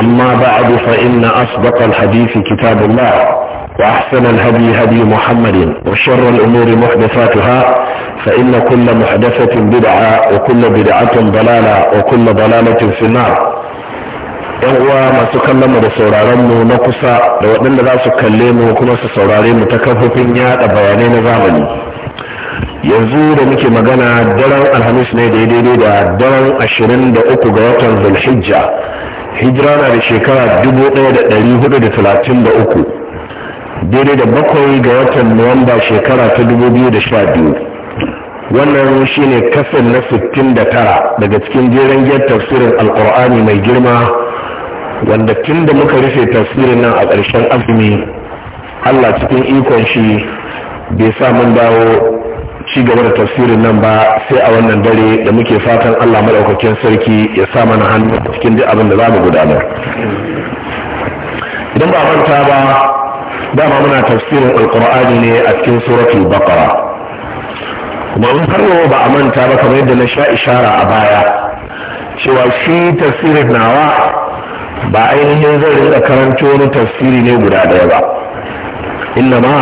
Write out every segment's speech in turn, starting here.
أما بعد فإن أصدق الحديث كتاب الله وأحسن الهدي هدي محمد وشر الأمور محدثاتها فإن كل محدثة بدعة وكل بدعة ضلالة وكل ضلالة في النار uwa masu kallon mu da sauraron mu na kusa da waɗanda za su kalle mu kuma su saurare mu ta kafofin yaɗa bayanai na zamani yanzu da muke magana daren alhamis ne daidai da daren ashirin da uku ga watan zulhijja hijira na da shekara 1433 daidai da bakwai ga watan nuwamba shekara ta 2012 wannan ne kasan na 69 daga cikin jeren giyar tafsirin alkur'ani mai girma wanda tun da muka rufe tafsirin nan a ƙarshen azumi allah cikin ikon shi bai sa mun dawo ci gaba da tafsirin nan ba sai a wannan dare da muke fatan Allah madaukakin sarki ya sa mana hannu cikin duk abin da za mu gudanar idan ba manta ba dama muna tafsirin alkur'ani ne a cikin suratul baqara kuma in har ba a manta ba kamar yadda na sha ishara a baya cewa shi tafsirin nawa ba ainihin zai rinka karanto wani tafsiri ne guda ɗaya ba inna ma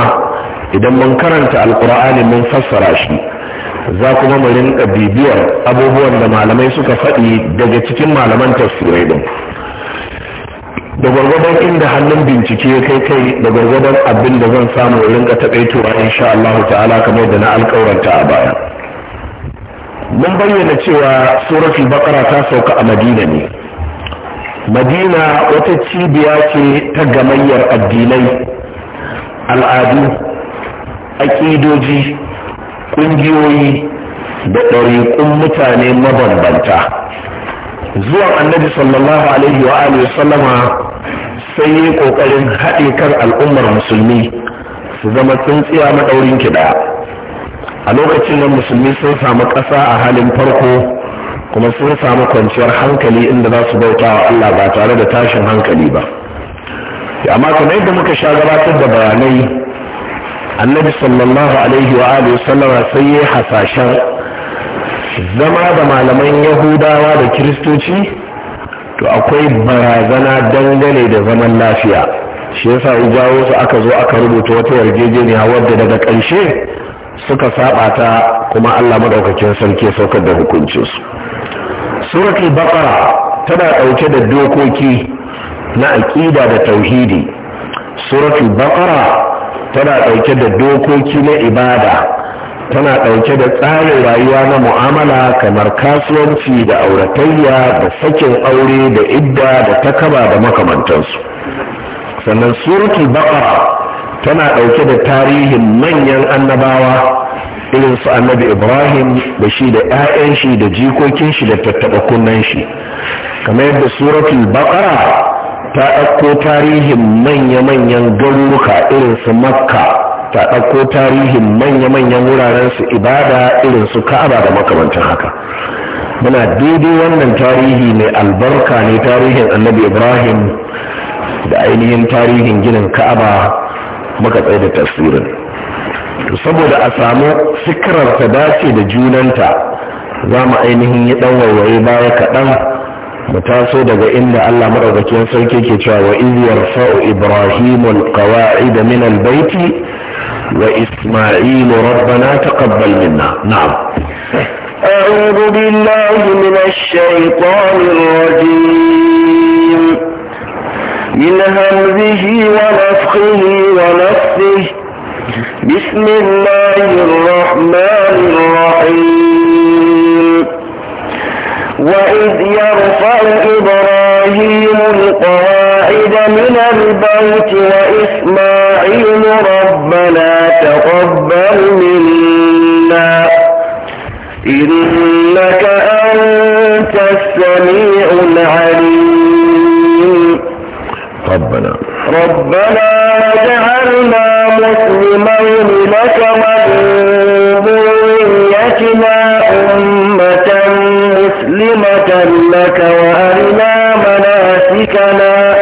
idan mun karanta alkur'ani mun fassara shi za kuma mu rinka bibiyar abubuwan da malamai suka faɗi daga cikin malaman tafsirai din da gwargwadon inda hannun bincike ya kai kai da gwargwadon abin da zan samu rinka taƙaitowa insha Allah ta'ala kamar da na alƙawarta a baya mun bayyana cewa suratul baqara ta sauka a madina ne madina wata cibiya ce ta gamayyar addinai al'adu aƙidoji ƙungiyoyi da ɗariƙun mutane mabambanta zuwan annabi sallallahu alaihi wa alihi sallama sai yi ƙoƙarin haɗe kan al'ummar musulmi su zama tsintsiya maɗaurin kiɗa a lokacin nan musulmi sun samu ƙasa a halin farko kuma sun samu kwanciyar hankali inda za su bauta wa Allah ba tare da tashin hankali ba amma kuma yadda muka sha gabatar da bayanai annabi sallallahu alaihi wa alihi sallama sai ya hasashen zama da malaman yahudawa da kiristoci to akwai barazana dangane da zaman lafiya shi yasa ya jawo su aka zo aka rubuta wata yarjejeniya wadda daga ƙarshe suka saba ta kuma Allah madaukakin sarki saukar da su. suratul baqara tana ɗauke da dokoki na aƙida da tauhidi suratul baqara tana ɗauke da dokoki na ibada tana ɗauke da tsarin rayuwa na mu'amala kamar kasuwanci da auratayya da sakin aure da idda da takaba da makamantansu sannan suratul baqara tana ɗauke da tarihin manyan annabawa irin su annabi ibrahim da shi da 'ya'yan shi da jikokin shi da tattaɓa kunnen shi kamar yadda suratul baqara ta ɗauko tarihin manya-manyan garuruka irin su makka ta ɗauko tarihin manya-manyan wuraren su ibada irin su ka'aba da makamancin haka muna daidai wannan tarihi mai albarka ne tarihin annabi ibrahim da ainihin tarihin ginin ka'aba muka tsaye da tasirin saboda a samu sikirar ta dace da junanta za mu ainihin yi ɗan wawaye baya kaɗan متاسو دغا ان الله مرضكين سيكي كتوا وإذ يرفع إبراهيم القواعد من البيت وإسماعيل ربنا تقبل منا نعم أعوذ بالله من الشيطان الرجيم من همزه ونفخه ونفسه بسم الله الرحمن الرحيم وإذ يرفع إبراهيم القواعد من البيت وإسماعيل ربنا تقبل منا إنك أنت السميع العليم ربنا ربنا وجعلنا مسلمين لك ومن ذريتنا مسلمة لك وأرنا مناسكنا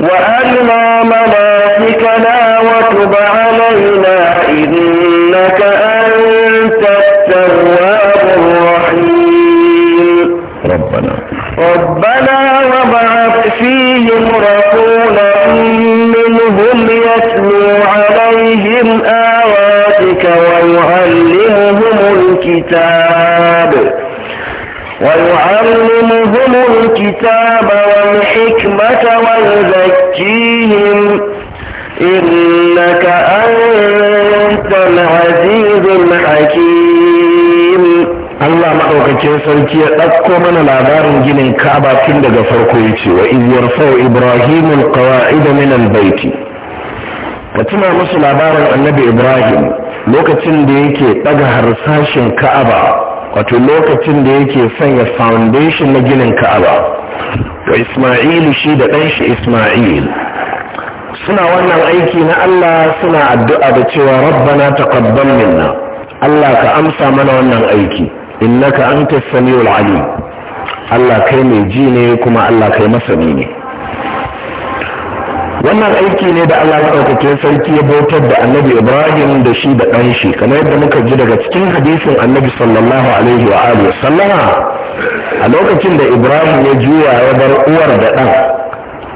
وأرنا مناسكنا وتب علينا إنك أنت التواب الرحيم ربنا ربنا وابعث فيهم رسولا منهم يتلو عليهم آياتك ويعلمهم الكتاب ويعلمهم الكتاب والحكمة ويزكيهم إنك أنت العزيز الحكيم Allah maɗaukacin sarki ya ɗauko mana labarin ginin Ka'aba tun daga farko ya ce wa iz Ibrahim al-qawa'id min al-baiti ka tuna musu labarin Annabi Ibrahim lokacin da yake ɗaga harsashin Ka'aba wato lokacin da yake sanya foundation na ginin ka'aba wa isma'ilu shi da ɗan shi isma'il suna wannan aiki na allah suna addu'a da cewa rabbana taqabbal minna allah ka amsa mana wannan aiki innaka anta samiul alim allah kai mai ji ne kuma allah kai masani ne wannan aiki ne da Allah ɗaukake sarki ya bautar da annabi Ibrahim da shi da ɗan shi kamar yadda muka ji daga cikin hadisin annabi sallallahu alaihi wa alihi sallama a lokacin da Ibrahim ya juya ya bar uwar da ɗan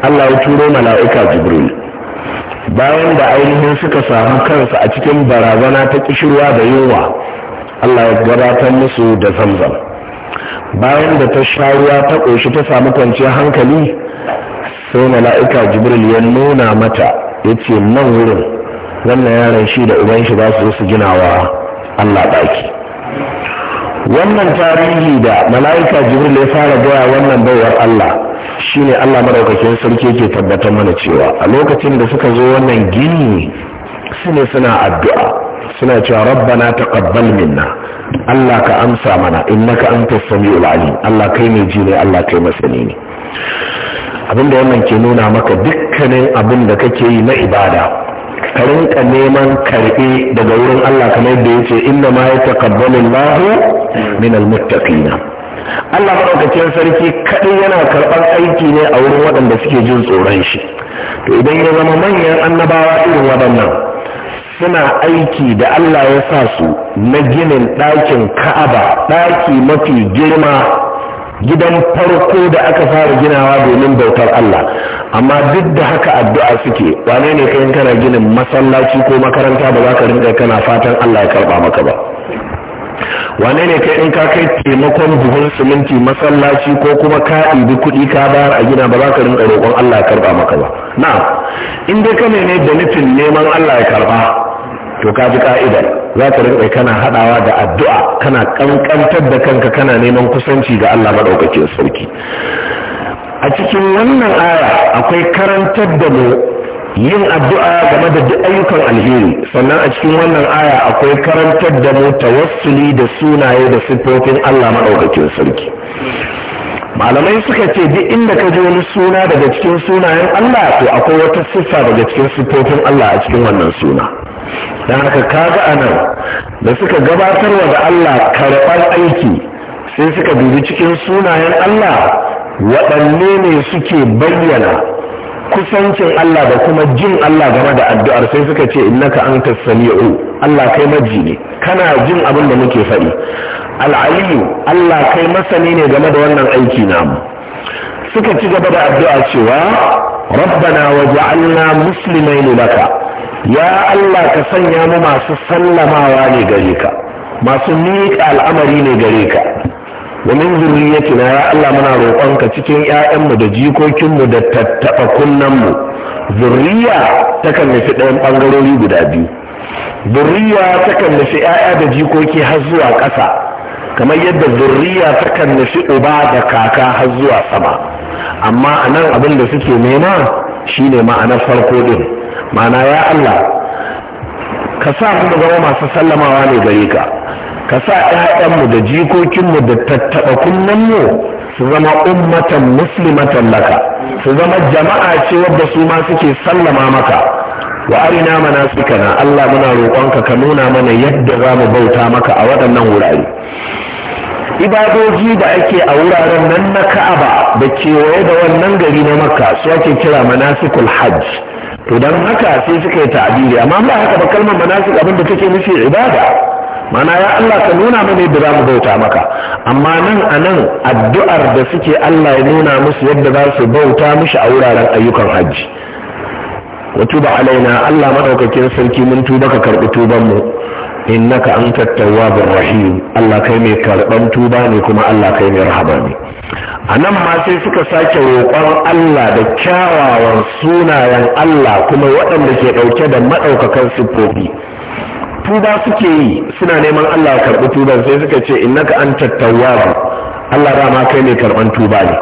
Allah ya turo mala'ika Jibril bayan da ainihin suka samu kansu a cikin barazana ta kishirwa da yunwa Allah ya gabatar musu da zamzam bayan da ta sha ruwa ta ƙoshi ta samu kwanciyar hankali sai mala'ika jibril ya nuna mata ya ce nan wurin wannan yaran shi da uban shi za su su gina wa allah ɗaki wannan tarihi da mala'ika jibril ya fara gaya wannan baiwar allah shine allah maraukakin sarki ke tabbatar mana cewa a lokacin da suka zo wannan gini su ne suna addu'a suna cewa rabbana taqabbal minna allah ka amsa mana innaka antas samiul alim allah kai ne ji ne allah kai masani ne abinda wannan ke nuna maka dukkanin abin da kake yi na ibada ka rinka neman karɓe daga wurin Allah kamar da ya ce inna ma ya Allahu min almuttaqina Allah madaukakin sarki kadai yana karɓar aiki ne a wurin waɗanda suke jin tsoron shi to idan ya zama manyan annabawa irin waɗannan suna aiki da Allah ya sa su na ginin ɗakin Ka'aba ɗaki mafi girma gidan farko da aka fara ginawa domin bautar Allah amma duk da haka addu'a suke wane ne kai kana ginin masallaci ko makaranta ba za ka rinka kana fatan Allah ya karba maka ba wane ne kai in ka kai taimakon buhun siminti masallaci ko kuma ka ibi kuɗi ka bayar a gina ba za ka rinka roƙon Allah ya karba maka ba na in dai ka ne da nufin neman Allah ya karba to ka ji ka'idar za ka rinka kana haɗawa da addu'a kana ƙanƙantar da kanka kana neman kusanci ga Allah madaukakin sarki a cikin wannan aya akwai karantar da mu yin addu'a game da duk ayyukan alheri sannan a cikin wannan aya akwai karantar da mu tawassuli da sunaye da siffofin Allah madaukakin sarki malamai suka ce duk inda ka ji wani suna daga cikin sunayen Allah to akwai wata siffa daga cikin siffofin Allah a cikin wannan suna don haka kaga a nan da suka gabatarwa da Allah karɓar aiki sai suka dubi cikin sunayen Allah waɗanne ne suke bayyana kusancin Allah da kuma jin Allah game da addu'ar sai suka ce innaka anta sami'u Allah kai maji ne kana jin abin da muke faɗi al'aliyu Allah kai masani ne game da wannan aiki namu suka ci gaba da addu'a cewa rabbana musulmai ne laka ya Allah ka sanya mu masu sallamawa ne gare ka masu miƙa al'amari ne gare ka wa min na ya Allah muna roƙonka cikin ƴaƴanmu da jikokinmu da tattaɓa zuriya zurriya takan nufi ɗayan ɓangarori guda biyu ta takan nufi ‘ya'ya da jikoki har zuwa ƙasa kamar yadda ta takan nufi uba da kaka har zuwa sama amma a nan abin da suke nema shine ma'anar farko ɗin ma'ana ya Allah ka sa mu zama masu sallamawa ne gare ka ka sa ƴaƴanmu da jikokinmu da tattaɓa kunnenmu su zama ummatan muslimatan laka su zama jama'a ce wadda su ma suke sallama maka wa arina manasikana Allah muna roƙonka ka nuna mana yadda za mu bauta maka a waɗannan wurare ibadoji da ake a wuraren nan na ka'aba da kewaye da wannan gari na makka su ake kira manasikul hajj to don haka sai suka yi ta'abiri amma ba haka ba kalmar manasik abin da take nufi ibada mana ya Allah ka nuna mana yadda za mu bauta maka amma nan a nan addu'ar da suke Allah ya nuna musu yadda za su bauta mishi a wuraren ayyukan hajji wa tuba alaina Allah madaukakin sarki mun tuba ka karbi tuban mu innaka anta tawwabur rahim Allah kai mai karban tuba ne kuma Allah kai mai rahama ne anan ma sai suka sake roƙon Allah da kyawawan sunayen Allah kuma waɗanda ke ɗauke da maɗaukakan siffofi tuba suke yi suna neman Allah ya karɓi tuba sai suka ce innaka anta tawwab Allah dama kai mai karban tuba ne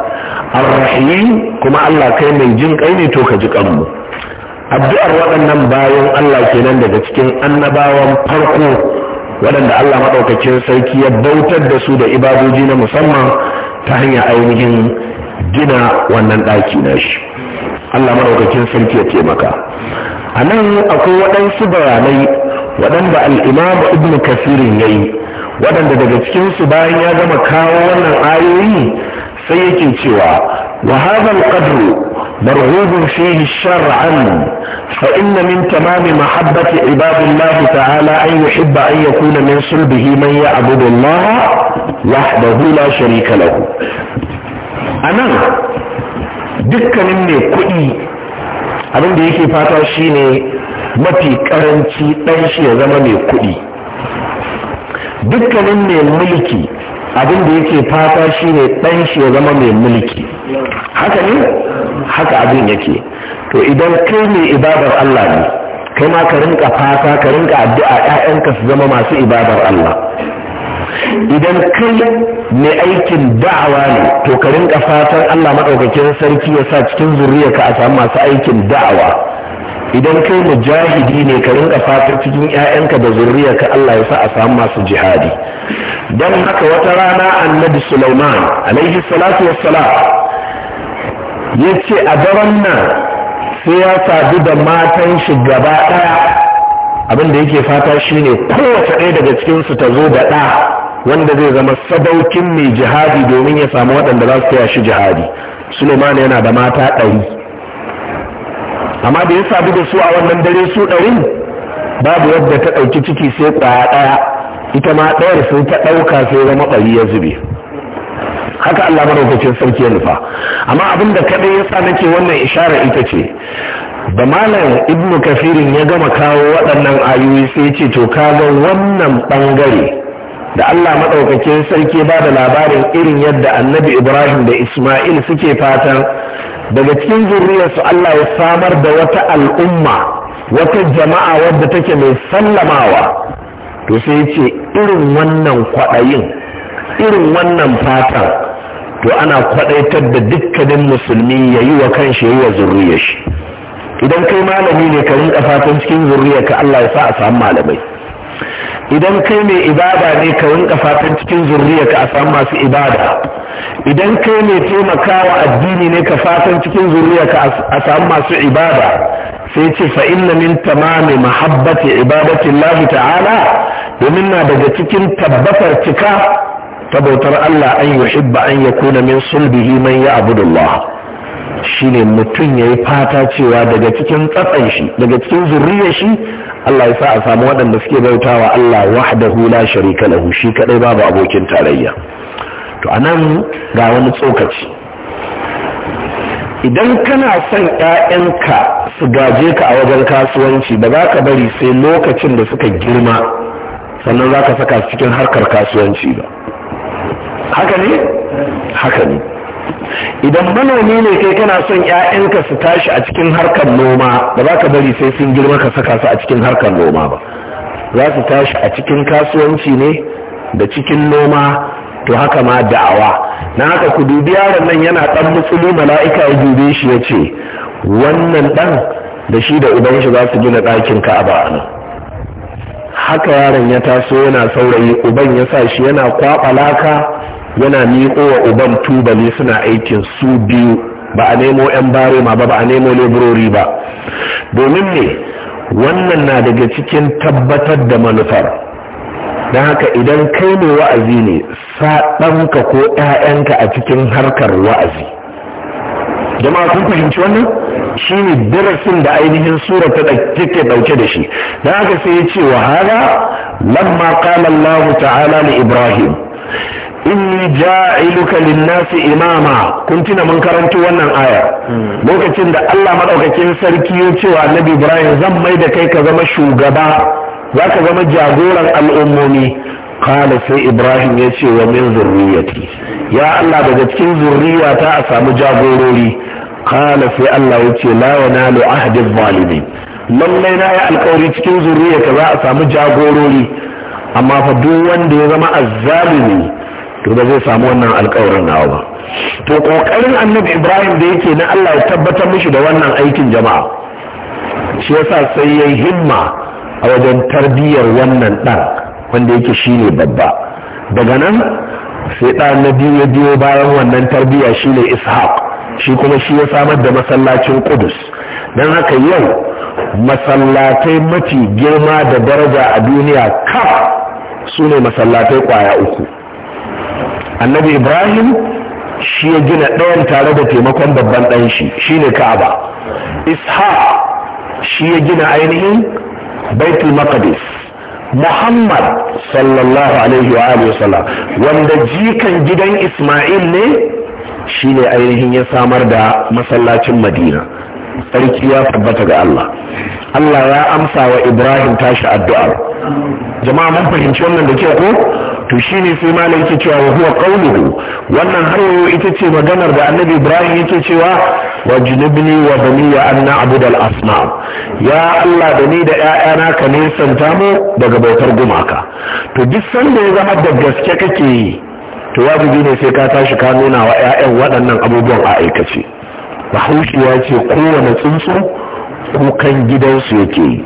ar-rahim kuma Allah kai mai jin kai ne to ka ji kanmu addu'ar waɗannan bayan Allah kenan daga cikin annabawan farko waɗanda Allah maɗaukakin sarki ya bautar da su da ibadoji na musamman ta hanyar ainihin gina wannan ɗaki na shi Allah maɗaukacin sarki ya taimaka a nan akwai waɗansu bayanai waɗanda al'imam ibn kasirin ya yi waɗanda daga cikinsu bayan ya gama kawo wannan ayoyi sai yake cewa وهذا القدر مرغوب فيه شرعا فإن من تمام محبة عباد الله تعالى أن يحب أن يكون من صلبه من يعبد الله وحده لا شريك له أنا دك مني kuɗi abin da yake ما في mafi تنشي ɗan shi ya zama mai abin da yake fata shi ne ɗan shi ya zama mai mulki haka ne haka abin yake to idan kai ne ibadar Allah ne kai ma ka rinka fata ka rinka addu'a ƴaƴanka su zama masu ibadar Allah idan kai mai aikin da'awa ne to ka rinka fatan Allah Madaukakin sarki ya sa cikin zuriyarka a samu masu aikin da'awa idan kai mujahidi ne ka rinka fatar cikin 'ya'yanka da ka Allah ya sa a samu masu jihadi don haka wata rana annabi Sulaiman alaihi salatu wassalam ya ce a daren nan sai ya sadu da matan shi gaba ɗaya abin da yake fata shine kowace ɗaya daga cikinsu ta zo da ɗa wanda zai zama sadaukin mai jihadi domin ya samu waɗanda za su taya shi jihadi Sulaiman yana da mata ɗari amma da ya sadu da su a wannan dare su ɗarin babu yadda ta ɗauki ciki sai ƙwaya ɗaya ita ma ɗayar sun ta ɗauka sai zama ɓari ya zube haka Allah maraukacin sarki ya nufa amma abin da kaɗai ya sa nake wannan ishara ita ce da malam ibn kafirin ya gama kawo waɗannan ayoyi sai ce to kaga wannan ɓangare da Allah maɗaukakin sarki ba da labarin irin yadda annabi Ibrahim da Ismail suke fatan daga cikin zurriyarsu Allah ya samar da wata al'umma wata jama'a wadda take mai sallamawa to sai ce irin wannan kwaɗayin irin wannan fatan to ana kwaɗaitar da dukkanin musulmi ya yi wa kanshi ya yi wa zurriyar shi idan kai malami ne ka rinka fatan cikin zuriyar ka Allah ya sa a samu malamai idan kai mai ibada ne ka rinka fatan cikin zurriyarka a samu masu ibada idan kai mai taimakawa addini ne ka fatan cikin zurriyarka a samu masu ibada sai ce fa inna min tamami mahabbati ibadati Allah ta'ala domin na daga cikin tabbatar cika ta bautar Allah an yuhibba an yakuna min sulbihi man a Allah shine mutum ya yi fata cewa daga cikin tsatsan shi daga cikin zurriya shi Allah ya sa a samu waɗanda suke bautawa Allah wahdahu hula sharika lahu shi kadai babu abokin tarayya to anan ga wani tsokaci idan kana son ƴaƴanka su gaje ka a wajen kasuwanci ba za ka bari sai lokacin da suka girma sannan za ka saka su cikin harkar kasuwanci ba haka ne haka ne idan manomi ne kai kana son 'ya'yanka su tashi a cikin harkar noma ba za ka bari sai sun girma ka saka su a cikin harkar noma ba za su tashi a cikin kasuwanci ne da cikin noma to haka ma da'awa na haka ku dubi yaron nan yana ɗan mutsuli mala'ika ya dube shi ya ce wannan ɗan da shi da uban shi za su gina ɗakin ka a nan haka yaron ya taso yana saurayi uban ya sa shi yana kwaɓa laka yana miƙo wa uban tubali suna aikin su biyu ba a nemo 'yan ma ba ba a nemo leburori ba domin ne wannan na daga cikin tabbatar da manufar don haka idan kai ne wa'azi ne saɗanka ko 'ya'yanka a cikin harkar wa'azi jama'a kun fahimci wannan shi ne darasin da ainihin sura ta take ɗauke da shi don haka sai ya ce wa hada lamma qala Allah ta'ala li Ibrahim inni ja'iluka linnasi imama kun tuna mun karanto wannan aya lokacin da Allah madaukakin sarki ya ce wa Annabi Ibrahim zan mai da kai ka zama shugaba zaka zama jagoran al'ummomi Kala sai Ibrahim ya ce wa min zurriyati ya Allah daga cikin ta a samu jagorori Kala sai Allah ya ce la yanalu ahdi zalimin lallai na yi alkawari cikin zurriya ka za a samu jagorori amma fa duk wanda ya zama azzalimi to ba zai samu wannan alkawarin nawa ba to kokarin annabi ibrahim da yake na allah ya tabbatar mishi da wannan aikin jama'a shi yasa sai ya himma a wajen tarbiyyar wannan ɗan wanda yake ne babba daga nan sai ɗan na biyu ya biyo bayan wannan tarbiyya shi ne ishaq shi kuma shi ya samar da masallacin kudus don haka yau masallatai mafi girma da daraja a duniya kaf su ne masallatai kwaya uku annabi ibrahim shi ya gina ɗayan tare da taimakon babban ɗan shi shi ne ka'aba ishaq shi ya gina ainihin baitul maqdis muhammad sallallahu alaihi wa alihi sallam wanda jikan gidan isma'il ne shi ne ainihin ya samar da masallacin madina sarki ya tabbata ga Allah Allah ya amsa wa Ibrahim tashi addu'ar jama'a mun fahimci wannan da ke ko to shi ne sai malam yake cewa wa huwa qawluhu wannan har ita ce maganar da annabi ibrahim yake cewa wajnubni wa baniya an na'bud al asma ya allah da ni da ƴaƴana ka ne santa mu daga bautar gumaka to duk sanda ya zama da gaske kake yi to wajibi ne sai ka tashi ka nuna wa ƴaƴan waɗannan abubuwan a aikace Bahaushewa ce kowane tsuntsu ko kukan gidansu yake yi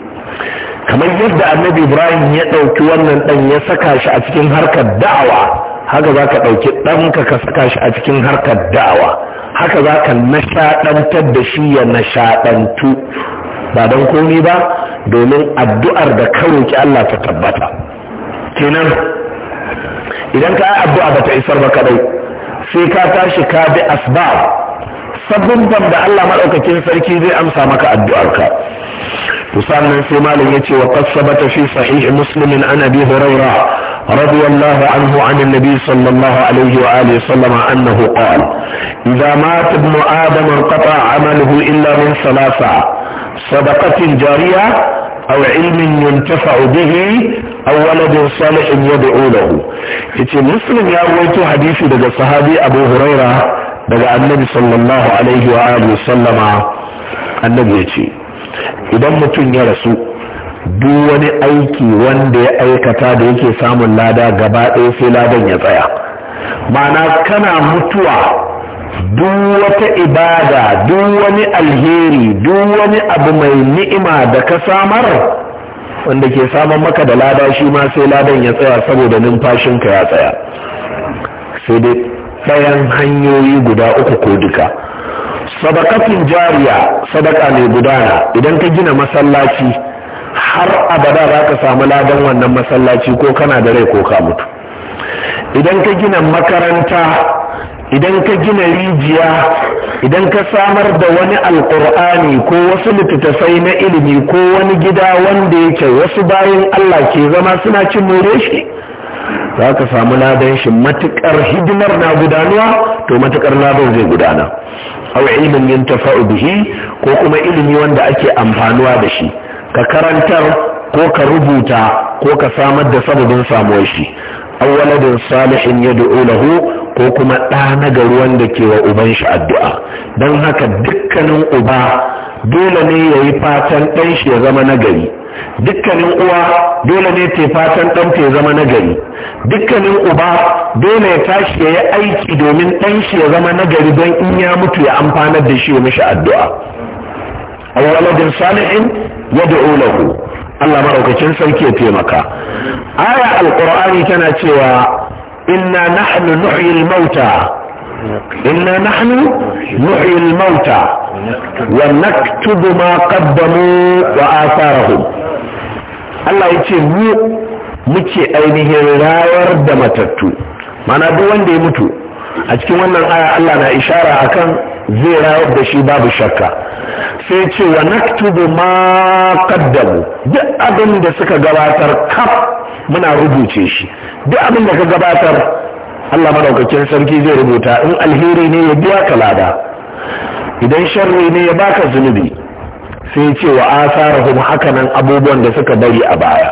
kamar yadda annabi ibrahim ya ɗauki wannan ɗan ya saka shi a cikin harkar da'awa haka za ka ɗauki ɗanka ka saka shi a cikin harkar da'awa haka za ka nashaɗantar da shi ya nashaɗantu ba don komi ba domin addu'ar da ka roƙi allah ta tabbata kenan idan ka yi addu'a ba ta isar ba kaɗai sai ka tashi ka bi asbab sabubban da allah maɗaukakin sarki zai amsa maka addu'arka to sannan sai malam yace wa qad sabata fi sahih muslim an abi hurayra radiyallahu anhu an annabi sallallahu alaihi wa alihi sallama annahu qala idza mata ibn adam qata amaluhu illa min salasa sadaqatin jariya أو علم ينتفع به أو ولد صالح يدعو له يتي مسلم يا رويتو حديثي دقى صحابي أبو هريرة دقى النبي صلى الله عليه وآله وسلم النبي يتي idan mutum ya rasu duk wani aiki wanda ya aikata da yake samun lada gaba ɗaya sai ladan ya tsaya Mana kana mutuwa duk wata ibada duk wani alheri duk wani abu mai ni'ima da ka samar wanda ke samun maka da lada shi ma sai ladan ya tsaya saboda numfashinka ya tsaya sai dai tsayan hanyoyi guda uku ko duka sadakatin jariya sadaka mai gudana idan ka gina masallaci har abada za ka samu ladan wannan masallaci ko kana da rai ko ka mutu idan ka gina makaranta idan ka gina rijiya idan ka samar da wani alkur'ani ko wasu littattafai na ilimi ko wani gida wanda yake wasu bayan allah ke zama suna cin more shi za ka samu ladan shi matukar hidimar na gudanuwa to matukar ladan zai gudana aw ilmin tafau bihi ko kuma ilimi wanda ake amfanuwa da shi ka karantar ko ka rubuta ko ka samar da sababin samuwar shi aw waladin salihin yad'u lahu ko kuma ɗa na gari wanda ke wa uban shi addu'a don haka dukkanin uba dole ne ya yi fatan ɗan shi ya zama nagari dukkanin uwa dole ne ta fatan ɗan ta ya zama nagari dukkanin uba dole ya tashi ya yi aiki domin ɗan shi ya zama nagari don in ya mutu ya amfanar da shi ya mishi addu'a a waladin Sani'in ya da lahu Allah maraukacin sarki ya taimaka aya alƙur'ani tana cewa inna nahnu nuhyil mauta إنا نحن نحيي الموتى ونكتب ما قدموا وآثارهم Allah ya ce mu muke ainihin rayar da matattu mana duk wanda ya mutu a cikin wannan aya Allah na ishara akan zai rayar da shi babu shakka sai ce wa naktubu ma qaddamu duk abin da suka gabatar kaf muna rubuce shi duk abin da ka gabatar Allah madaukakin sarki zai rubuta in alheri ne ya biya ka lada idan sharri ne ya baka zunubi sai ya ce wa asarahum hakanan abubuwan da suka bari a baya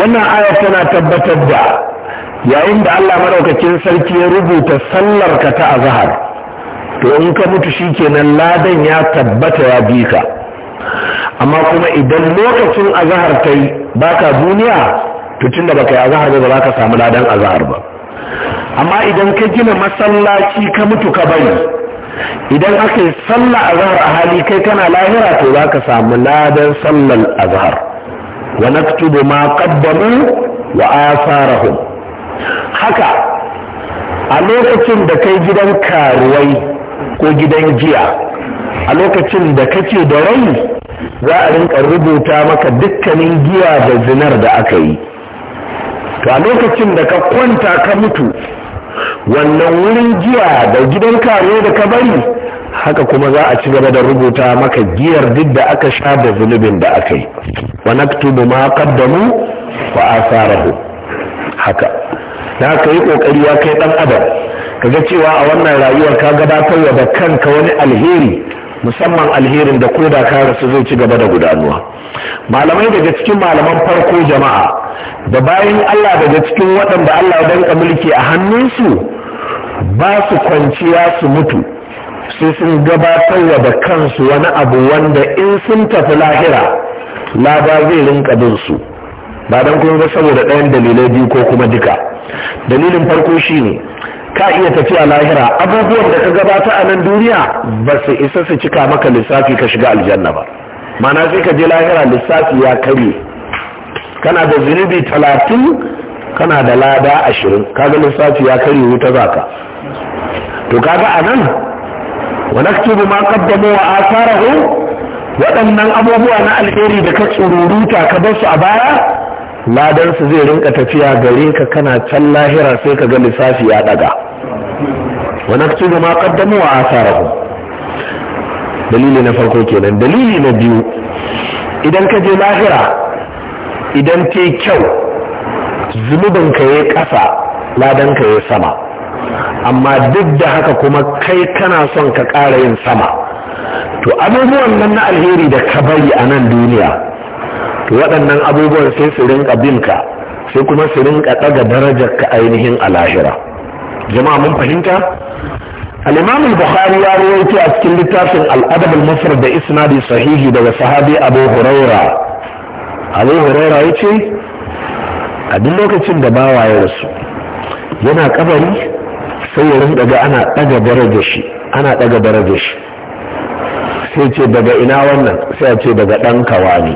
wannan aya tana tabbatar da yayin da Allah madaukakin sarki ya rubuta sallar ka ta azhar to in ka mutu shikenan ladan ya tabbata ya bi ka amma kuma idan lokacin azhar kai baka duniya to tunda baka yi azhar ba za ka samu ladan azhar ba amma idan ka gina masallaci ka mutu ka bari idan aka yi sallah azhar a hali kai kana lahira to za ka samu ladan sallar azhar wa naktubu ma qaddamu wa asarahum haka a lokacin da kai gidan karuwai ko gidan giya a lokacin da kace da rai za a rinka rubuta maka dukkanin giya da zinar da aka yi to a lokacin da ka kwanta ka mutu wannan wurin giya da gidan kare da ka bari haka kuma za a ci gaba da rubuta maka giyar duk da aka sha da zunubin da aka yi wa naktubu ma qaddamu wa asarahu haka na ka yi kokari ya kai dan adam Ka kaga cewa a wannan rayuwar ka gabatar da kanka wani alheri musamman alherin da koda ka rasu zai ci gaba da gudanuwa malamai daga cikin malaman farko jama'a da bayan Allah daga cikin waɗanda Allah ya mulki a hannunsu ba su kwanciya su mutu sai sun gabatarwa da kansu wani abu wanda in sun tafi lahira lada zai rinka bin su ba don kun ga saboda ɗayan dalilai biyu ko kuma duka dalilin farko shine ka iya a lahira abubuwan da ka gabata a nan duniya ba su isa su cika maka lissafi ka shiga aljanna ba mana sai ka je lahira lissafi ya karye kana da zunubi talatin kana da lada ashirin kaga lissafi ya kari wuta za ka to kaga a nan wani naktubu ma kaddamo wa asarahu waɗannan abubuwa na alheri da ka tsururuta ka bar su a baya ladan su zai rinka tafiya gare ka kana can lahira sai ka ga lissafi ya daga Wani naktubu ma kaddamo wa asarahu dalili na farko kenan dalili na biyu idan ka je lahira idan ta yi kyau zunubinka ya ƙasa ladanka ya sama amma duk da haka kuma kai kana son ka ƙara yin sama to abubuwan nan na alheri da ka bari a nan duniya to waɗannan abubuwan sai su rinka binka sai kuma su rinka ɗaga darajar ka ainihin a lahira jama'a mun fahimta الإمام البخاري رويته أسكن لتاف الأدب المفرد بإسناد صحيح ده صحابي أبو هريرة abu huraira ya ce a duk lokacin da bawa ya rasu yana kabari sai ya rinka ga ana daga daraja shi ana daga daraja shi sai ce daga ina wannan sai a ce daga dan kawani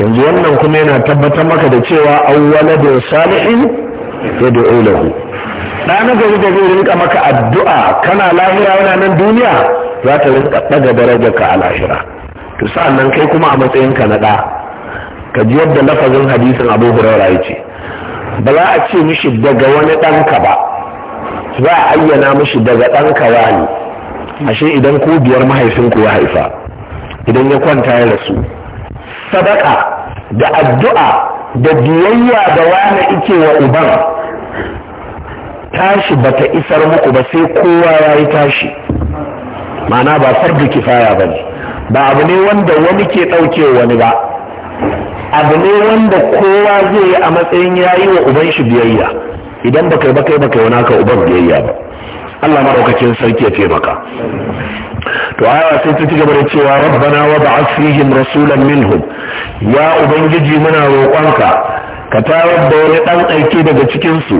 yanzu wannan kuma yana tabbatar maka da cewa da salihin ya du'u lahu ɗana gari da zai rinka maka addu'a kana lahira yana nan duniya za ta rinka ɗaga daraja ka a lahira to sa'an nan kai kuma a matsayinka na ɗa ka ji yadda lafazin hadisin abu hurairah ya ce ba za a ce mishi daga wani ɗanka ba za a ayyana mishi daga ɗanka wani ashe idan ku biyar mahaifinku ya haifa idan ya kwanta ya rasu sadaka da addu'a da biyayya da wani ike wa uban tashi ta isar muku ba sai kowa ya yi tashi mana ba fardu kifaya ba ne ba abu ne wanda wani ke ɗauke wani ba abu ne wanda kowa zai yi a matsayin yayi wa uban shi biyayya idan baka yi baka baka yi wani uban biyayya ba Allah maɗaukakin sarki ya taimaka to aya sai ta ci gaba da cewa rabbana wa ba'ath fihim rasulan minhum ya ubangiji muna roƙonka ka tarar da wani dan aiki daga cikin su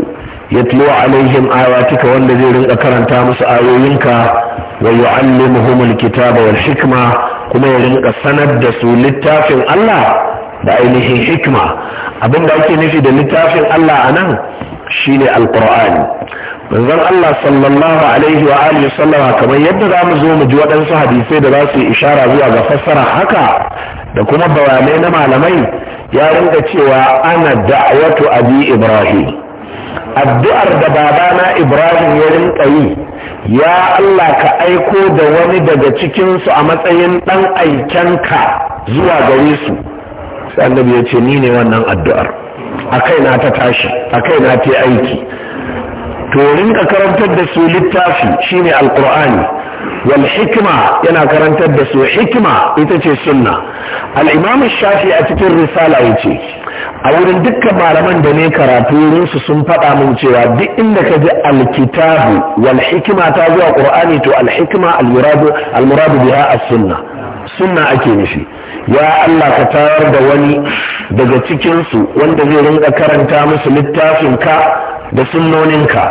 yatlu alaihim ayatika wanda zai rinka karanta musu ayoyinka wa yu'allimuhumul kitaba wal hikma kuma ya rinka sanar da su littafin Allah da ainihin hikma abin da ake nufi da littafin Allah anan shine alqur'ani manzon Allah sallallahu alaihi wa kamar yadda zamu zo mu ji waɗansu hadisai da za su yi ishara zuwa ga fassara haka da kuma bayanai na malamai ya rinka cewa ana da'watu abi ibrahim addu'ar da babana ibrahim ya rinka yi ya allah ka aiko da wani daga cikinsu a matsayin ɗan aikenka zuwa gare su sai annabi ya ce ni ne wannan addu'ar a na ta tashi a na ta aiki to rinka karantar da su littafi shine alkur'ani wal hikima yana karantar da su hikima ita ce sunna al shafi a cikin risala ce. a wurin dukkan malaman da ne karatu su sun faɗa mun cewa duk inda ka ji alkitabu. Walhikima wal hikima ta zuwa ƙur'ani to alhikima almuradu al-muradu sunna sunna ake nufi ya Allah ka tayar da wani daga cikinsu wanda zai rinka karanta musu littafin ka da sunnoninka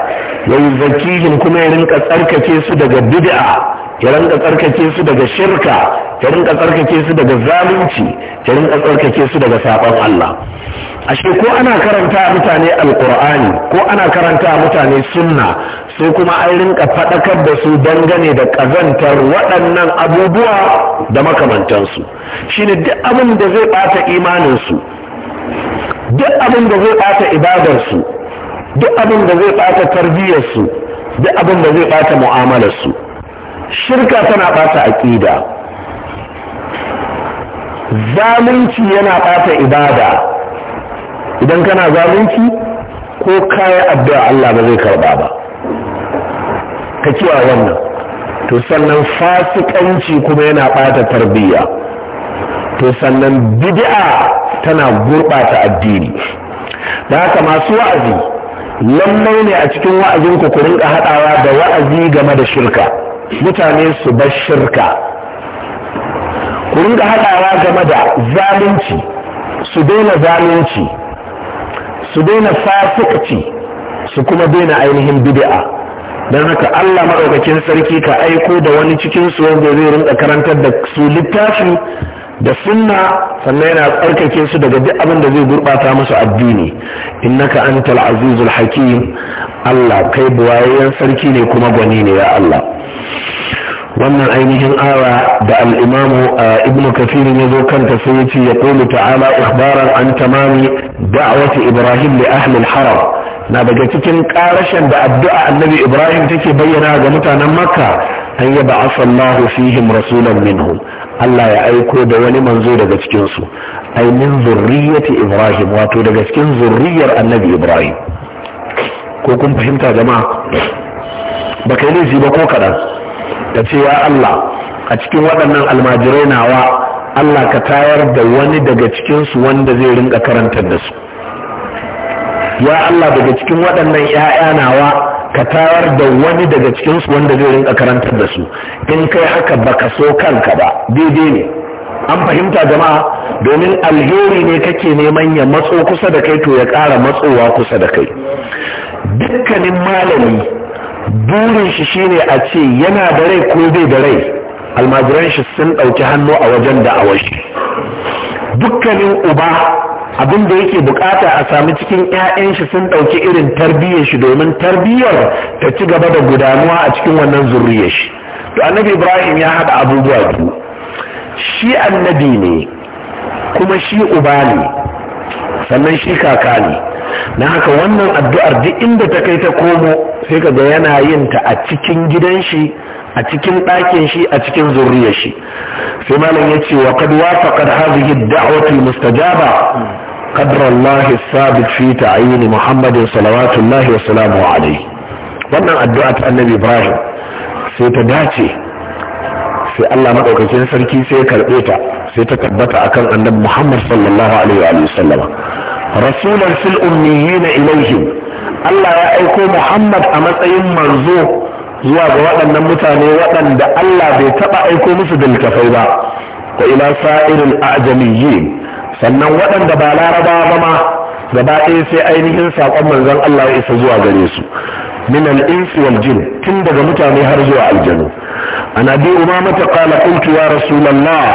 yi yuzakkihim kuma ya rinka tsarkake su daga bid'a ya rinka tsarkake su daga shirka ya rinka tsarkake su daga zalunci ya rinka tsarkake su daga sabon Allah ashe ko ana karanta mutane alkur'ani ko ana karanta mutane sunna sai kuma an rinka faɗakar da su dangane da ƙazantar waɗannan abubuwa da makamantansu shine duk abin da zai ɓata imaninsu duk abin da zai ɓata ibadarsu duk abin da zai ɓata tarbiyyarsu duk abin da zai ɓata mu'amalarsu shirka tana ɓata aƙida zalunci yana ɓata ibada idan kana zalunci ko kaya addu'a Allah ba zai karɓa ba ka kiwa wannan to sannan fasikanci kuma yana ɓata tarbiyya to sannan bid'a tana gurɓata addini da haka masu wa'azi lallai ne a cikin wa'azinku ku rinka haɗawa da wa'azi game da shirka mutane su bar shirka ku rinka haɗawa game da zalunci su daina zalunci su daina fasikaci su kuma daina ainihin bid'a don haka Allah maɗaukakin sarki ka aiko da wani cikin su wanda zai rinka karantar da su littafi da sunna sannan yana tsarkake su daga duk abin da zai gurɓata masu addini innaka antal azizul hakim Allah kai buwayen sarki ne kuma gwani ne ya Allah wannan ainihin ara da al'imamu a ibn kafirin ya zo kanta sai ya ce ya ƙulu ta'ala ikhbaran an tamami da'awati ibrahim li ahlil haram na daga cikin ƙarashen da addu'a annabi ibrahim take bayyana ga mutanen makka an yaba asallahu fihim rasulan minhum Allah ya aiko da wani manzo daga cikinsu ai min zurriyati ibrahim wato daga cikin zurriyar annabi ibrahim ko kun fahimta jama'a ba kai laifi ba ko kaɗan ka ce ya Allah a cikin waɗannan almajirai nawa Allah ka tayar da wani daga cikinsu wanda zai rinka karantar da su ya Allah daga cikin waɗannan 'ya'ya nawa ka tarar da wani daga cikinsu wanda zai rinka karantar da su in kai haka baka so kanka ba daidai ne an fahimta jama'a domin alheri ne kake neman ya matso kusa da kai to ya ƙara matsowa kusa da kai dukkanin malami burin shi shine a ce yana da rai ko bai da rai almajiran shi sun ɗauki hannu a wajen da a dukkanin uba abin da yake bukata a sami cikin 'ya'yan shi sun ɗauki irin tarbiyyar shi domin tarbiyyar ta ci gaba da gudanuwa a cikin wannan zurriyar shi to annabi ibrahim ya haɗa abubuwa biyu shi annabi ne kuma shi uba ne sannan shi kaka ne na haka wannan addu'ar duk inda ta kai ta komo sai ka ga yana yin ta a cikin gidan shi a cikin ɗakin shi a cikin zurriyar shi sai malam ya ce wa kad wafaqa hadhihi ad mustajaba قدر الله الثابت في تعيين محمد صلوات الله وسلامه عليه wannan addu'a ta annabi ibrahim sai ta dace sai Allah madaukakin sarki sai ya karbe ta sai ta tabbata akan annabi muhammad sallallahu alaihi wa sallam rasulan fil ummiyina ilaihim Allah ya aiko muhammad a matsayin manzo zuwa ga waɗannan mutane waɗanda Allah bai taɓa aiko musu da littafai ba wa ila sa'iril a'jamiyyin sannan waɗanda ba laraba ba ma gaba ɗaya sai ainihin saƙon manzon Allah ya isa zuwa gare su min al-insi wal jin tun daga mutane har zuwa aljanu an abi umama ta qala qultu ya rasulullah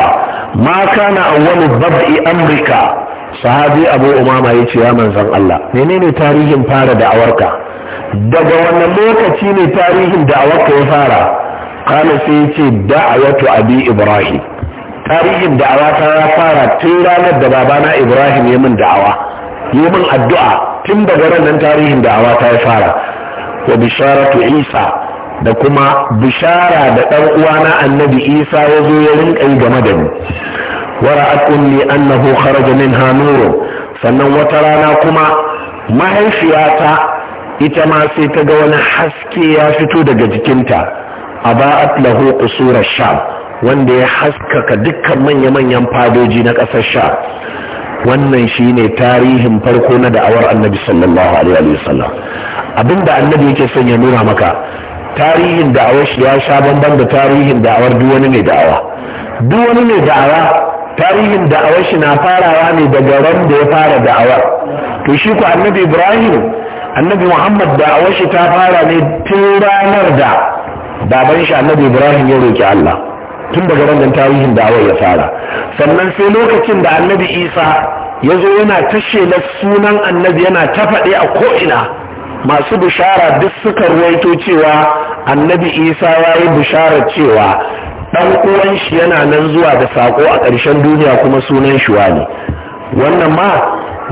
ma kana awwalu bab'i amrika sahabi abu umama yace ya manzon Allah menene tarihin fara da'awarka daga wannan lokaci ne tarihin da'awarka ya fara kana sai yace da'awatu abi ibrahim tarihin da'awa ta fara tun ranar da babana ibrahim ya min da'awa ya min addu'a tun daga ranar tarihin da'awa ta ya fara wa bisharatu isa da kuma bishara da ɗan uwana annabi isa ya zo ya rinka yi game da ni wara'at ummi annahu kharaja minha nuru sannan wata rana kuma mahaifiyata ita ma sai ta ga wani haske ya fito daga jikinta a ba'at lahu qusura sham wanda ya haskaka dukkan manya-manyan fadoji na ƙasar sha wannan ne tarihin farko na da'awar annabi sallallahu alaihi wasallam abinda annabi yake son ya nuna maka tarihin da'awar shi ya sha bamban da tarihin da'awar duk wani mai da'awa duk wani mai da'awa tarihin da'awar shi na farawa ne daga ran da ya fara da'awar to shi ku annabi ibrahim annabi muhammad da'awar shi ta fara ne tun ranar da baban shi annabi ibrahim ya roki allah tun daga wannan tarihin da ya fara sannan sai lokacin da annabi isa ya zo yana ta shelar sunan annabi yana ta faɗe a ko'ina masu bishara duk suka ruwaito cewa annabi isa ya yi bisharar cewa ɗan uwan shi yana nan zuwa da saƙo a ƙarshen duniya kuma sunan shi wani wannan ma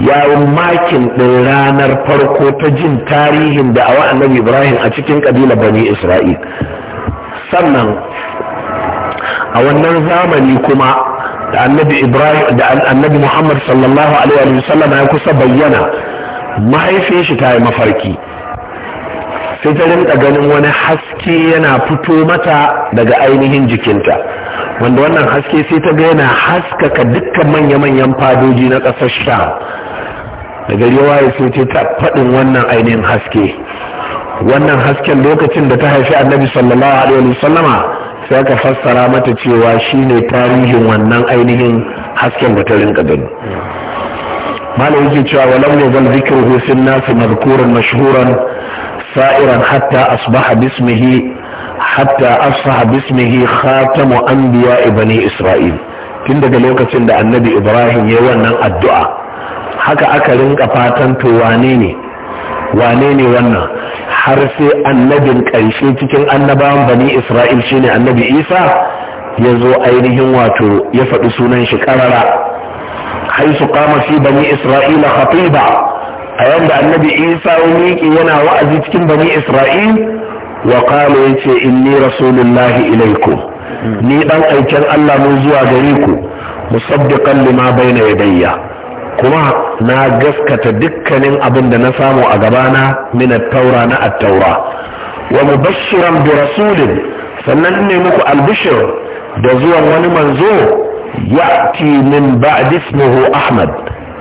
ya makin ɗin ranar farko ta jin tarihin da awa annabi ibrahim a cikin ƙabila bani isra'il sannan a wannan zamani kuma da annabi ibrahim da annabi muhammad sallallahu alaihi wa sallam ya kusa bayyana mahaifin shi ta yi mafarki sai ta rinka ganin wani haske yana fito mata daga ainihin jikinta wanda wannan haske sai ta ga yana haskaka dukkan manya-manyan fadoji na ƙasar sha da gari sai ta faɗin wannan ainihin haske wannan hasken lokacin da ta haifi annabi sallallahu alaihi wasallama sai aka fassara mata cewa shine tarihin wannan ainihin hasken da ta rinka gani malam yake cewa walam ne zal zikruhu fil nas madhkuran mashhuran sa'iran hatta asbaha bismihi hatta asbaha bismihi khatamu anbiya Ibani, isra'il tun daga lokacin da annabi ibrahim ya wannan addu'a haka aka rinka fatan to wane ne wane ne wannan har sai annabin ƙarshe cikin annabawan bani isra'il shine annabi isa ya zo ainihin wato ya faɗi sunan shi ƙarara haisu kama fi bani isra'ila khatiba a yadda annabi isa ya miƙe yana wa'azi cikin bani isra'il wa qala yace inni rasulullahi ilaiku. ni dan aikin Allah mun zuwa gare ku musaddiqan lima bayna yadayya kuma na gaskata dukkanin abin da na samu a gabana min taura na attaura taura wa mubashiran bi rasulin sannan ne muku albishir da zuwan wani manzo ya'ti min ba'd ismihi ahmad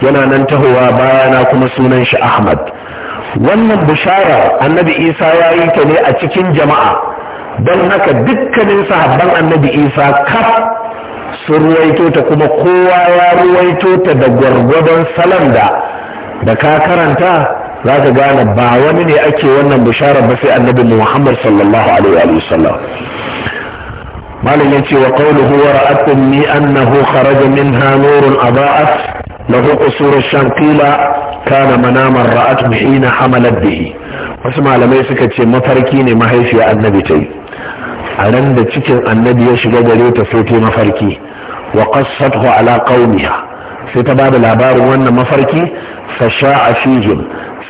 yana nan tahowa bayana kuma sunan shi ahmad wannan bishara annabi isa ya yi ta ne a cikin jama'a don haka dukkanin sahabban annabi isa kaf sun ruwaito ta kuma kowa ya ruwaito ta da gwargwadon salam da da ka karanta za ka gane ba wani ne ake wannan bishara ba sai annabi muhammad sallallahu alaihi wa sallam malam ya wa qawluhu wa ra'atun ni annahu kharaja minha nurun adaa'at lahu qusur ash-sham qila kana manama ra'at hina hamalat bihi wasu malamai suka ce mafarki ne mahaifiya annabi ta yi a nan da cikin annabi ya shiga gare ta sai ta mafarki wa qassathu ala qaumiha sai ta bada labarin wannan mafarki fa sha'a fihim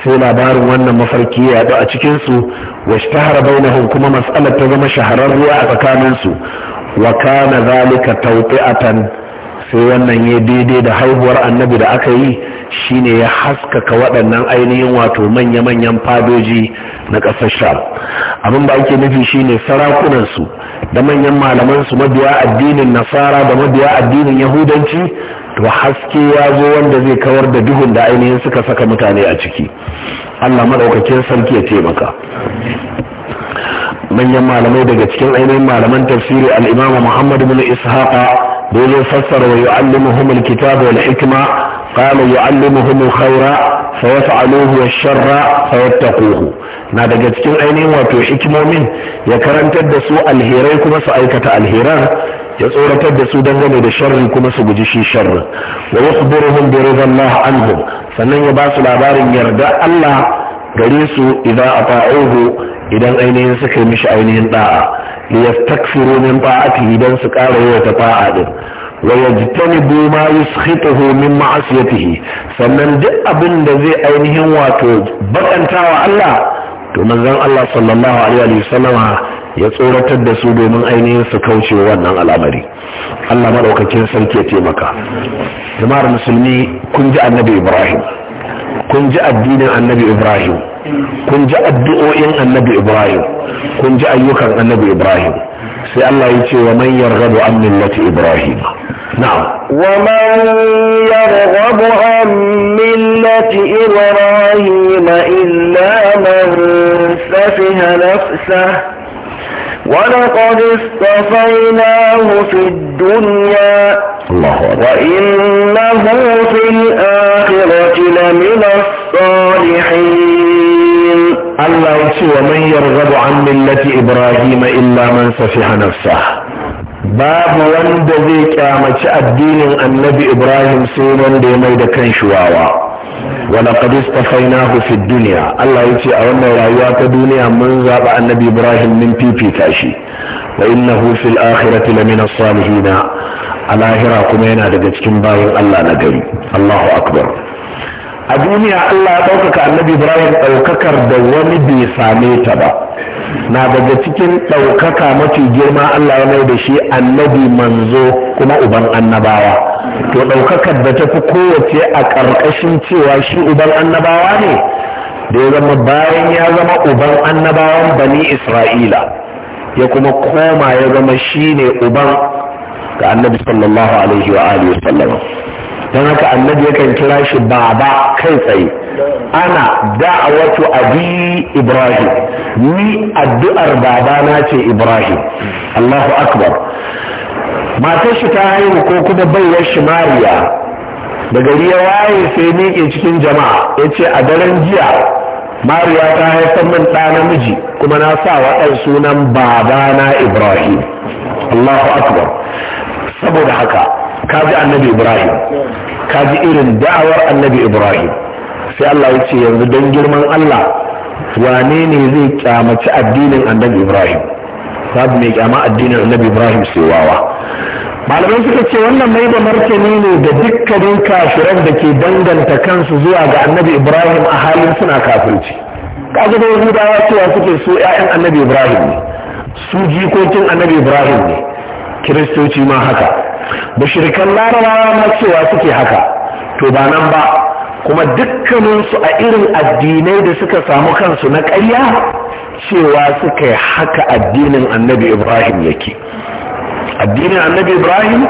sai labarin wannan mafarki ya yaɗu a cikinsu wasu ta harabai na kuma matsalar ta zama shahararriya a tsakaninsu wa kana zalika tauti sai wannan ya daidai da haihuwar annabi da aka yi shine ya haskaka waɗannan ainihin wato manya-manyan fadoji na ƙasar sham abin da ake nufi shine sarakunansu da manyan malamansu mabiya addinin nasara da mabiya addinin yahudanci to haske ya zo wanda zai kawar da duhun da ainihin suka saka mutane a ciki allah maɗaukakin sarki ya taimaka manyan malamai daga cikin ainihin malaman tafsiri al'imama Muhammadu bin ishaqa dole fassara wa yu'allimuhum alkitaba wal hikma qala yu'allimuhum alkhayra fa yaf'aluhu wash-sharra fa yattaquhu na daga cikin ainihin wato hikimomin ya karantar da su alherai kuma su aikata alheran ya tsoratar da su dangane da sharri kuma su guji shi sharri wa yukhbiruhum bi ridha Allah anhum sannan ya ba su labarin yarda Allah gare su a ata'uhu idan ainihin suka yi mishi ainihin da'a li yastakfiru min ta'ati idan su ƙara yawa ta ta'a din wa yajtanibu ma yuskhituhu min ma'asiyatihi sannan duk abin da zai ainihin wato wa Allah to manzon Allah sallallahu alaihi wa sallama ya tsoratar da su domin ainihin su kauce wannan al'amari Allah madaukakin sarki ya taimaka jama'ar musulmi kun ji annabi Ibrahim kun ji addinin annabi ibrahim kun ji addu'o'in annabi ibrahim kun ji ayyukan annabi ibrahim sai Allah ya ce wa man yarghabu an millati ibrahim na'am wa man yarghabu an millati ibrahim illa man safiha nafsahu ولقد اصطفيناه في الدنيا الله وإنه في الآخرة لمن الصالحين الله يتوى من يرغب عن ملة إبراهيم إلا من سفح نفسه babu wanda zai kyamaci addinin annabi ibrahim sai wanda ya mai da kan shuwawa wala qadis tafainahu fi dunya Allah ya ce a wannan rayuwa ta duniya mun zaba annabi ibrahim min fifita shi wa innahu fil akhirati lamina salihina a lahira kuma yana daga cikin bayan Allah na gari Allahu akbar a duniya Allah ya ɗaukaka annabi Ibrahim ɗaukakar da wani bai same ta ba na daga cikin ɗaukaka mafi girma Allah ya mai da shi annabi manzo kuma uban annabawa to ɗaukakar da tafi kowace a ƙarƙashin cewa shi uban annabawa ne da ya zama bayan ya zama uban annabawan bani Isra'ila ya kuma koma ya zama shi ne uban ga annabi sallallahu alaihi wa alihi wasallam don haka annabi yakan kira shi baba kai tsaye ana da'awatu abi ibrahim ni addu'ar babana ce ibrahim allahu akbar matar shi ta haihu ko kuma bayyar shi mariya da gari ya waye sai miƙe cikin jama'a ya ce a daren jiya mariya ta haifar min ɗa namiji kuma na sa wa ɗan sunan babana ibrahim allahu akbar saboda haka ka ji annabi ibrahim ka ji irin da'awar annabi ibrahim sai allah ya ce yanzu don girman allah wane ne zai kyamaci addinin annabi ibrahim babu mai kyama addinin annabi ibrahim sai wawa malamai suka ce wannan mai da martani ne da dukkanin kafiran da ke danganta kansu zuwa ga annabi ibrahim a halin suna kafirci kaga da yahudawa cewa suke so 'ya'yan annabi ibrahim ne su jikokin annabi ibrahim ne kiristoci ma haka shirkan larabawa ma cewa suke haka to ba nan ba kuma dukkaninsu a irin addinai da suka samu kansu na ƙarya cewa suka yi haka addinin annabi ibrahim yake addinin annabi ibrahim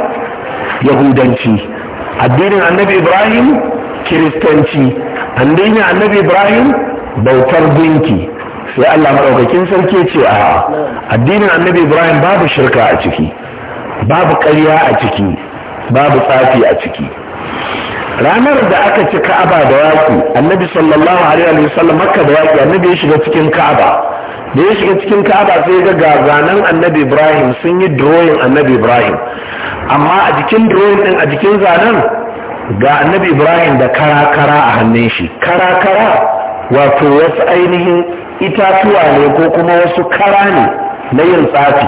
yahudanci addinin annabi ibrahim kiristanci addinin annabi ibrahim bautar gunki sai allah maɗaukakin sarki ce a addinin annabi ibrahim babu shirka a ciki babu ƙarya a ciki babu tsafi a ciki ranar da aka ci ka'aba da yaƙi annabi sallallahu alaihi wa sallam makka da yaƙi annabi ya shiga cikin ka'aba da ya shiga cikin ka'aba sai ga gazanan annabi ibrahim sun yi drawin annabi ibrahim amma a jikin drawin din a jikin zanen ga annabi ibrahim da karakara a hannun shi kara-kara wato wasu ainihin itatuwa ne ko kuma wasu kara ne na yin tsafi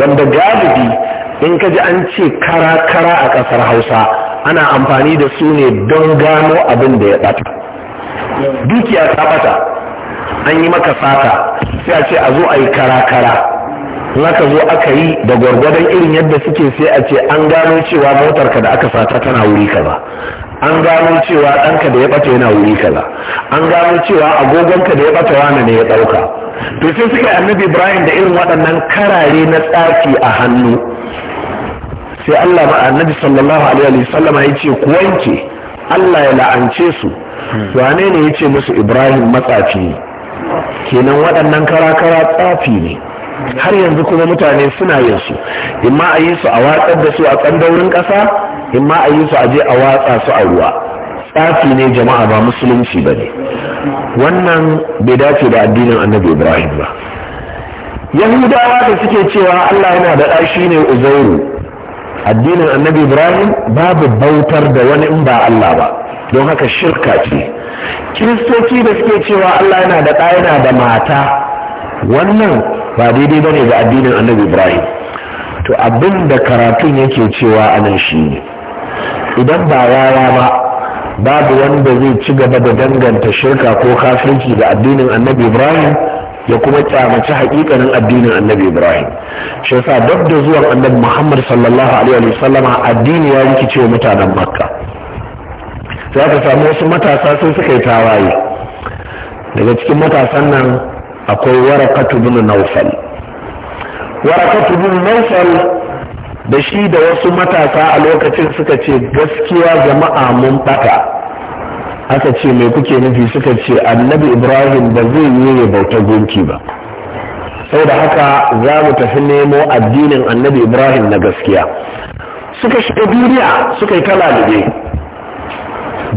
wanda galibi in ka ji an ce kara-kara a ƙasar hausa ana amfani da su ne don gano abin da ya ɓata dukiya ta ɓata an yi maka saka, sai a ce a zo a yi kara-kara naka zo aka yi da gwargwadon irin yadda suke sai a ce an gano cewa motarka da aka sata tana wuri kaza an gano cewa ɗanka da ya ɓata yana wuri kaza an gano cewa agogonka da ya ɓata wani ne ya ɗauka to sai suka annabi ibrahim da irin waɗannan karare na tsafi a hannu sai Allah ma annabi sallallahu alaihi wasallam ya ce ku wanke Allah ya la'ance su hmm. wane ne ya ce musu Ibrahim matsafi kenan waɗannan kara tsafi ne har yanzu kuma mutane suna yin su imma a yi su a watsar da su a tsandaurin ƙasa imma a yi su a je a watsa su a ruwa tsafi ne jama'a ba musulunci ba ne wannan bai dace da addinin annabi ibrahim ba yahudawa da suke cewa allah yana da ɗashi ne uzairu addinin annabi ibrahim babu bautar da wani in ba allah ba don haka shirka ce kiristoci da suke cewa allah yana da ɗa yana da mata wannan ba daidai ba ne ga addinin annabi ibrahim to abin da karatun yake cewa anan shi ne idan ba yawa ba babu wanda zai ci gaba da danganta shirka ko kafirki da addinin annabi ibrahim ya kuma kyamaci hakikanin addinin annabi ibrahim shi yasa duk da zuwan annabi muhammad sallallahu alaihi wa sallama addini ya rikice wa mutanen makka za ka samu wasu matasa sun suka yi tawaye daga cikin matasan nan akwai warakatu bin naufal warakatu bin naufal da shi da wasu matasa a lokacin suka ce gaskiya jama'a mun baka aka ce mai kuke nufi suka ce annabi ibrahim ba zai yi ne bautar gunki ba da haka za mu tafi nemo addinin annabi ibrahim na gaskiya suka shiga duniya suka yi da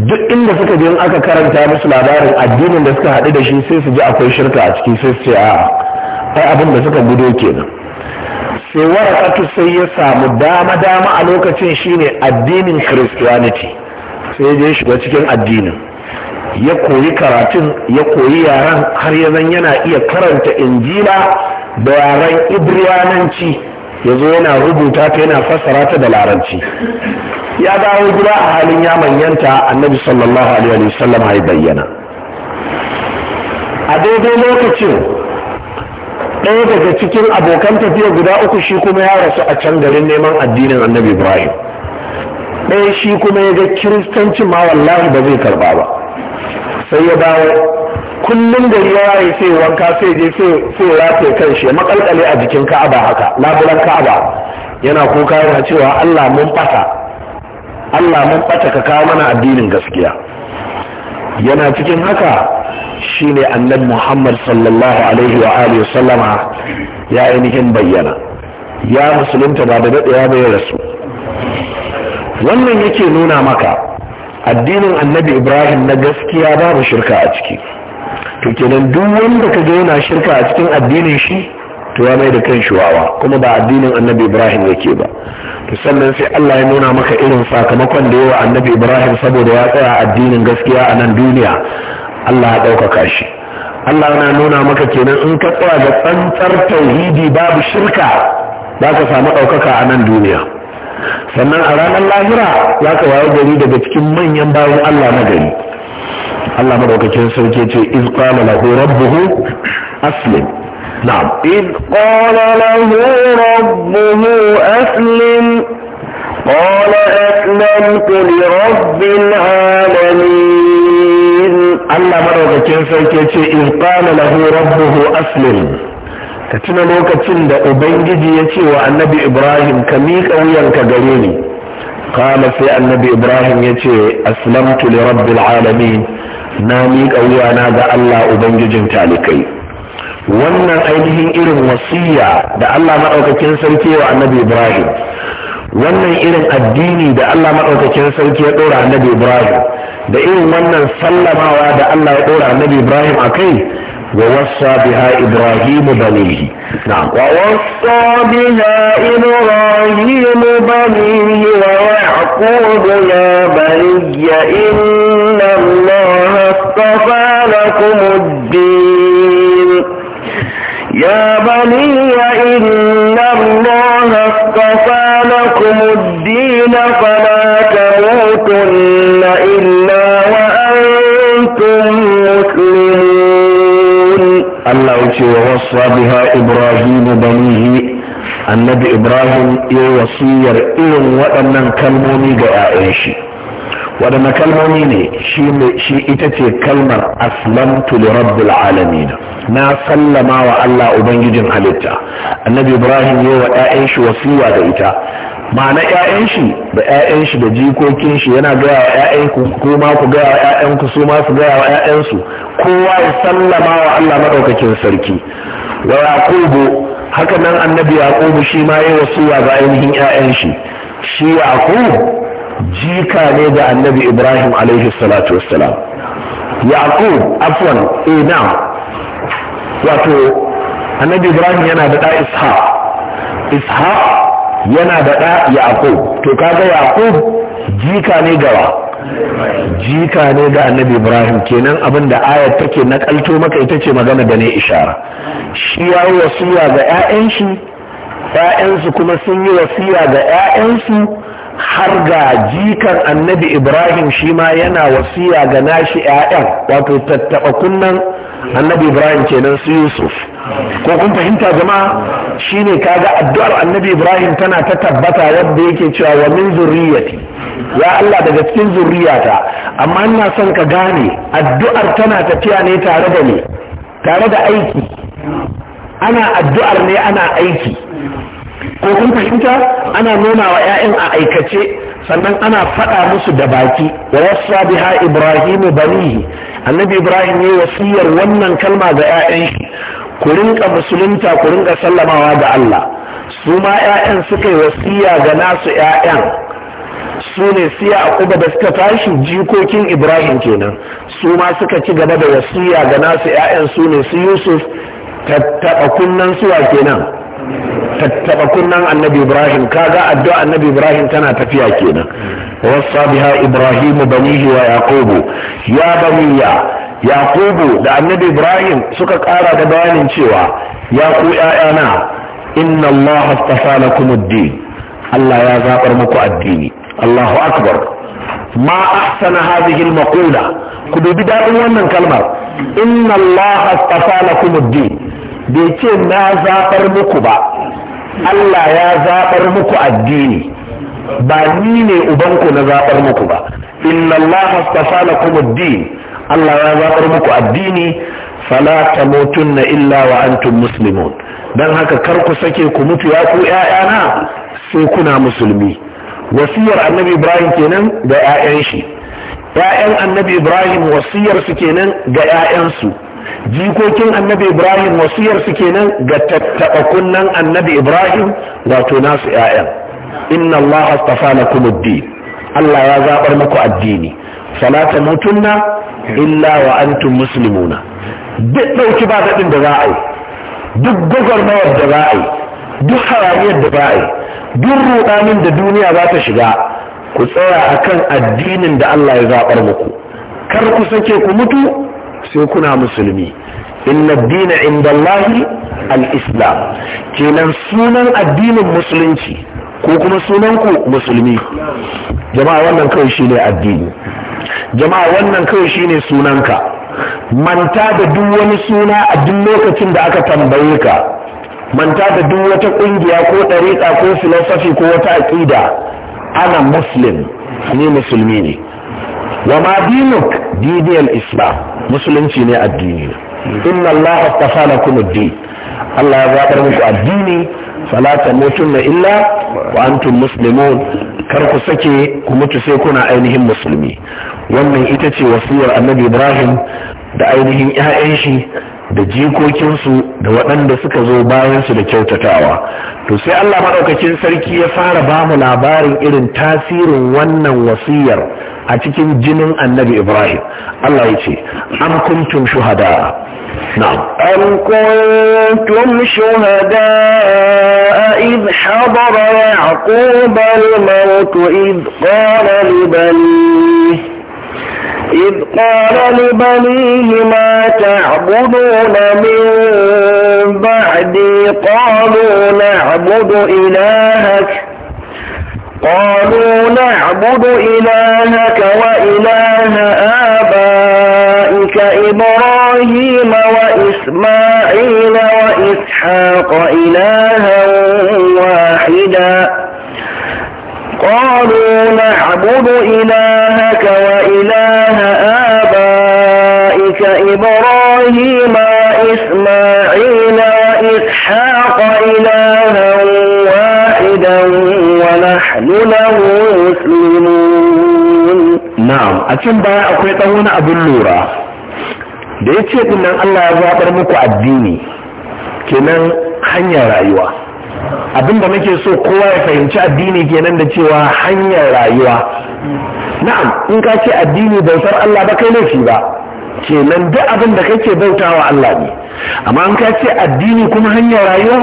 duk inda suka je aka karanta musu labarin addinin da suka haɗu da shi sai su ji akwai shirka a ciki sai su ce a ai abin da suka gudo kenan sai warakatu sai ya samu dama dama a lokacin shine addinin christianity sai ya shiga cikin addinin ya koyi karatun ya koyi yaren har ya zan yana iya karanta injila da yaren ibriyananci ya zo yana rubuta ta yana fassara ta da laranci ya dawo gida a halin ya manyanta annabi sallallahu alaihi wa sallam ya bayyana a daidai lokacin ɗaya daga cikin abokan tafiya guda uku shi kuma ya rasu a can garin neman addinin annabi ibrahim ɗaya shi kuma ya ga kiristanci ma wallahi ba zai karba ba sai ya dawo kullum da ya waye sai wanka sai je sai ya rafe kan shi ya makalkale a jikin ka'aba haka labulan ka'aba yana kuka yana cewa Allah mun fata Allah mun fata ka kawo mana addinin gaskiya yana cikin haka shine annabi Muhammad sallallahu alaihi wa alihi sallama ya ainihin bayyana ya musulunta ba da daɗewa ya rasu wannan yake nuna maka addinin annabi ibrahim na gaskiya babu shirka a ciki to kenan duk wanda ka ga yana shirka a cikin addinin shi to ya mai da kan shuwawa kuma ba addinin annabi ibrahim yake ba to sannan sai allah ya nuna maka irin sakamakon da yawa annabi ibrahim saboda ya tsaya addinin gaskiya a nan duniya allah ya ɗaukaka shi allah yana nuna maka kenan in ka tsaya ga tsantsar tauhidi babu shirka za ka samu ɗaukaka a nan duniya sannan a ranar lahira za ka wayo gari daga cikin manyan bayan Allah na gari Allah madaukakin sarki ce iz qala lahu rabbuhu aslim na'am iz qala lahu rabbuhu aslim قال أسلمت لرب العالمين الله مرة كنسا كيتي إذ قال له ربه أسلم ka tuna lokacin da ubangiji ya ce wa annabi ibrahim ka miƙa wuyanka gare ni kama sai annabi ibrahim ya ce aslamtu li rabbil alamin na miƙa wuyana ga allah ubangijin talikai wannan ainihin irin wasiya da allah maɗaukakin sarki wa annabi ibrahim wannan irin addini da allah maɗaukakin sarki ya ɗora annabi ibrahim da irin wannan sallamawa da allah ya ɗora annabi ibrahim a kai ووصى بها إبراهيم بنيه نعم ووصى بها إبراهيم بنيه ويعقوب يا بني إن الله اصطفى لكم الدين يا بني إن الله اصطفى لكم الدين فلا Allah ya ce wa wasa biha Ibrahim banihi annabi Ibrahim ya wasiyar irin waɗannan kalmomi ga 'ya'yan shi waɗanne kalmomi ne shi ita ce kalmar aslamtu li rabbil alamin na sallama wa Allah ubangijin halitta annabi Ibrahim ya wa 'ya'yan shi wasiya da ita ma'ana ƴaƴan shi da ƴaƴan shi da jikokin shi yana gaya wa ƴaƴan ku kuma ku gaya wa ƴaƴan ku su ma su gaya wa ƴaƴan su kowa ya sallama wa Allah madaukakin sarki wa yaqubu haka nan annabi yaqubu shi ma yayi wasiya ga ainihin ƴaƴan shi shi yaqub jika ne ga annabi ibrahim alaihi salatu wassalam yaqub afwan eh na wato annabi ibrahim yana da da ishaq ishaq yana da ɗa yaƙub to kaga yaƙub jika ne gawa jika ne ga annabi ibrahim kenan abin da ayat take na kalto maka ita ce magana da ne ishara shi ya yi wasiya ga 'ya'yan shi 'ya'yansu kuma sun yi wasiya ga 'ya'yansu har ga jikan annabi ibrahim shi ma yana wasiya ga nashi 'ya'yan wato tattaɓa kunnan annabi ibrahim kenan su yusuf ko kun fahimta jama'a shine kaga addu'ar annabi ibrahim tana ta tabbata yadda yake cewa wa min zurriyati ya allah daga cikin zurriyata amma ina son ka gane addu'ar tana tafiya ne tare da ne tare da aiki ana addu'ar ne ana aiki ko kun fahimta ana nuna wa 'ya'yan a aikace sannan ana faɗa musu da baki wa wasa biha ibrahimu banihi annabi ibrahim ne wasiyar wannan kalma ga 'ya'yan shi ku rinka musulunta ku rinka sallamawa ga allah su ma 'ya'yan suka yi wasiya ga nasu 'ya'yan su ne siya a kuba da suka tashi jikokin ibrahim kenan su ma suka ci gaba da wasiya ga nasu 'ya'yan su ne su yusuf tattaɓa kunnen suwa kenan tattabakun kunnan annabi ibrahim ka ga addu'a annabi ibrahim tana tafiya kenan wasa biha ibrahim banihi wa yaqubu ya baniya yaqubu da annabi ibrahim suka kara da bayanin cewa ya ku ƴaƴana inna allah astafa lakum ad-din allah ya zabar muku addini allahu akbar ma ahsana hadhihi al-maqula ku dubi dadin wannan kalmar inna allah astafa lakum ad-din bai ce na zaɓar muku ba Allah ya zaɓar muku addini ba ni ne ubanku na zaɓar muku ba inna Allah astafa din Allah ya zaɓar muku addini fala na illa wa antum muslimun dan haka kar ku sake ku mutu ya ku ƴaƴana sai kuna musulmi wasiyar annabi Ibrahim kenan ga yayan shi yayan annabi Ibrahim wasiyar su kenan ga ƴaƴansu su jikokin annabi ibrahim wasiyar su kenan ga tattaɓa kunnan annabi ibrahim wato nasu 'ya'yan inna allah astafa lakum ad allah ya zabar muku addini fala tamutunna illa wa antum muslimuna duk dauki ba dadin da za a yi duk gwagwarmawar da za a yi duk hayaniyar da za a yi duk rudanin da duniya za ta shiga ku tsaya akan addinin da allah ya zabar muku kar ku sake ku mutu sai kuna musulmi inna dina inda al-islam kenan sunan addinin musulunci ko kuma sunan musulmi jama'a wannan kawai shine addini jama'a wannan kawai shine sunanka manta da duk wani suna a duk lokacin da aka tambaye ka manta da duk wata ƙungiya ko ɗariƙa ko filosofi ko wata aƙida ana muslim ne musulmi ne wa ma dinuk islam musulunci ne addini inna allaha astafa lakum ad-din Allah ya zaɓar muku addini fala tamutunna illa wa antum muslimun kar ku sake ku mutu sai kuna ainihin musulmi wannan ita ce wasiyar annabi Ibrahim da ainihin 'ya'yan shi da jikokinsu da waɗanda suka zo bayansu da kyautatawa to sai Allah maɗaukakin sarki ya fara ba mu labarin irin tasirin wannan wasiyar a cikin jinin annabi Ibrahim Allah ya ce am kuntum shuhada na'am kuntum shuhada إذ حضر يعقوب الموت إذ قال لبنيه إذ قال لبنيه ما تعبدون من بعدي قالوا نعبد إلهك قالوا نعبد إلهك وإله آبائك إبراهيم وإسماعيل وإسحاق إلها واحدا قالوا نعبد إلهك Na'am, a نعم baya akwai أقوي wani lura da ya ce dinnan Allah ya zaɓar muku addini kenan hanyar rayuwa abinda muke so kowa ya fahimci addini kenan da cewa hanyar rayuwa na'am in ka ce addini bautar Allah ba kai laifi ba kenan duk abin da kake bautawa Allah ne amma in ka ce addini kuma hanyar rayuwa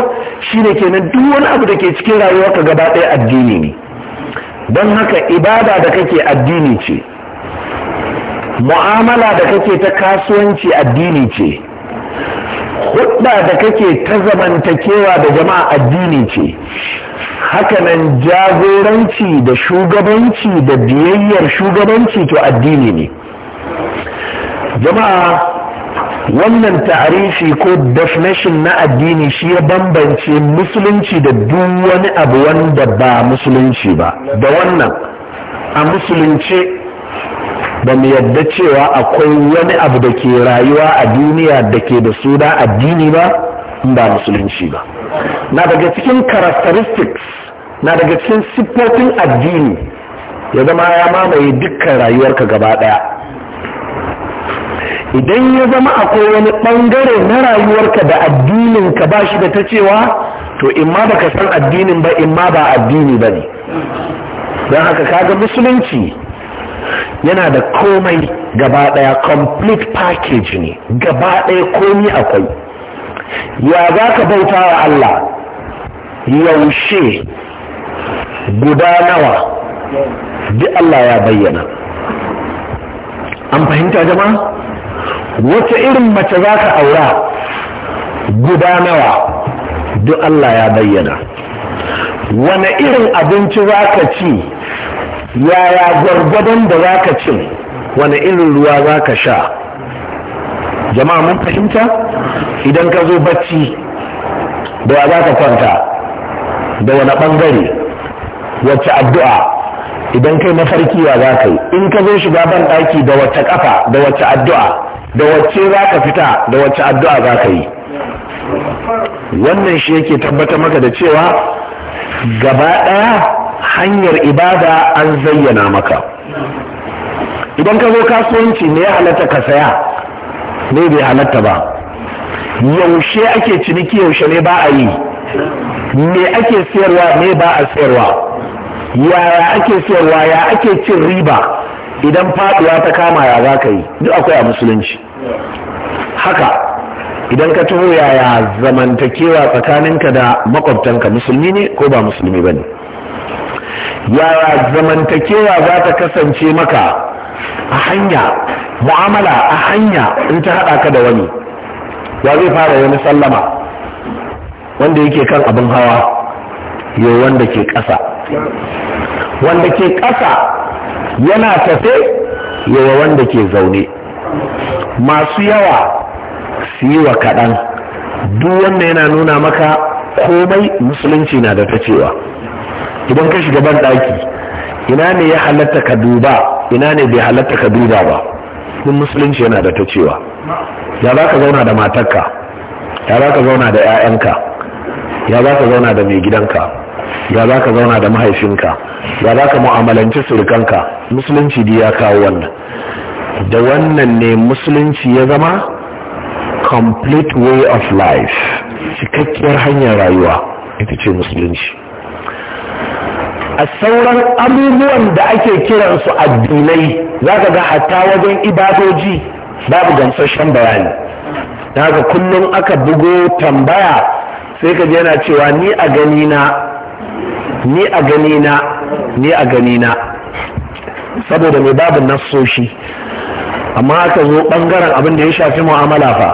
shine kenan duk wani abu da ke cikin rayuwa ka gaba ɗaya addini ne don haka ibada da kake addini ce mu'amala da kake ta kasuwanci addini ce hudda da kake ta zamantakewa da jama'a addini ce hakanan jagoranci da shugabanci da biyayyar shugabanci to addini ne jama'a wannan ta'arifi ko definition na addini shi ya bambance musulunci da duk wani abu wanda ba musulunci ba da wannan a musulunci ba mu yadda cewa akwai wani abu da ke rayuwa a duniya da ke da su da addini ba ba musulunci ba na daga cikin characteristics na daga cikin siffofin addini ya zama ya mamaye dukkan rayuwarka gaba daya idan ya zama akwai wani ɓangare na rayuwarka da addininka ba shi da ta cewa to imma ba ka san addinin ba imma ba addini ba ne don haka kaga musulunci yana da komai gaba ɗaya complete package ne gaba ɗaya komi akwai ya za ka bauta wa Allah yaushe guda nawa duk Allah ya bayyana an fahimta jama'a Wata irin mace za ka aura guda nawa duk Allah ya bayyana wane irin abinci za ka ci yaya gwargwadon da za ka ci wane irin ruwa za ka sha jama'a mun fahimta idan ka zo bacci da wa za ka kwanta da wani ɓangare wacce addu'a idan kai na farki ya za ka yi in ka zo shiga ban ɗaki da wacce ƙafa da wacce addu'a da wacce za ka fita da wacce addu'a za ka yi wannan shi yake tabbatar maka da cewa gaba ɗaya hanyar ibada an zayyana maka idan ka zo kasuwanci ne ya halatta ka saya ne bai halatta ba yaushe ake ciniki yaushe ne ba a yi me ake siyarwa ne ba a siyarwa? yaya ake siyarwa ya ake cin riba idan faduwa ta kama ya za ka yi duk akwai a musulunci haka idan ka taho yaya zamantakewa tsakaninka da makwabtanka musulmi ne ko ba musulmi ba ne yaya zamantakewa za ta kasance maka a hanya mu'amala a hanya in ta haɗa ka da wani ya zai fara wani sallama wanda yake kan abin hawa yau wanda ke ƙasa wanda ke ƙasa yana tafe yawa wanda ke zaune masu yawa su yi wa kaɗan duk wanda yana nuna maka komai musulunci na da ta cewa idan ka shiga ban ɗaki ina ne ya halatta ka duba ina ne bai halatta ka duba ba duk musulunci yana da ta cewa ya za ka zauna da matarka ya za ka zauna da 'ya'yanka ya za ka zauna da mai gidanka ya za ka zauna da mahaifinka ya za ka mu'amalanci surukanka musulunci da ya kawo wannan da wannan ne musulunci ya zama complete way of life cikakkiyar hanyar rayuwa ita ce musulunci a sauran abubuwan da ake kiransu addinai za ka ga hatta wajen ibadoji babu gamsashen bayani da haka kullum aka bugo tambaya sai ka yana cewa ni a gani na ni a gani na ni a gani na saboda mai babu nassoshi amma aka zo bangaren abin da ya shafi mu'amala fa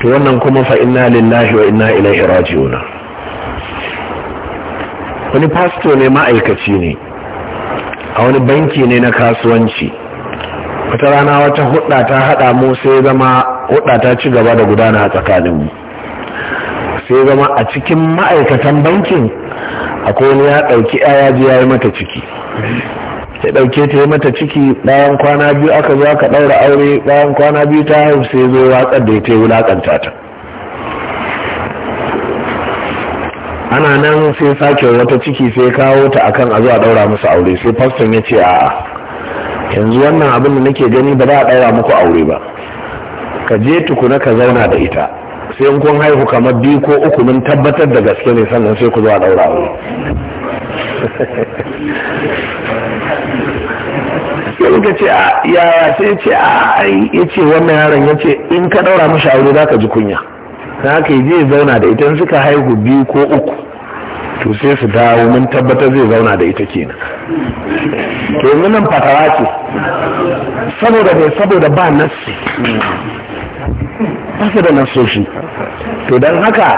to wannan kuma fa inna lillahi wa inna ilaihi raji'un wani pastor ne ma'aikaci ne a wani banki ne na kasuwanci wata rana wata hudda ta hada mu sai zama hudda ta ci gaba da gudana a mu sai zama a cikin ma'aikatan bankin akwai wani ya ɗauki ya ji ya yi mata ciki ya ɗauke ta yi mata ciki bayan kwana biyu aka zo aka ɗaura aure bayan kwana biyu ta haifu sai zo watsar da ta yi wulaƙanta ta ana nan sai sake wata ciki sai kawo ta akan a zo a ɗaura musu aure sai faston ya ce a'a yanzu wannan abin da nake gani ba za a ɗaura muku aure ba ka je tukuna ka zauna da ita sai kun haihu kamar biyu ko uku mun tabbatar da gaske ne sannan sai ku zo a daura aure sai muka ce a yaya sai ce a ai ya ce wannan yaron ya ce in ka daura mashi aure za ka ji kunya na haka yi zai zauna da ita suka haihu biyu ko uku to sai su dawo mun tabbatar zai zauna da ita kenan to yanzu nan fatawa ce saboda bai saboda ba nassi da da nasoshi to don haka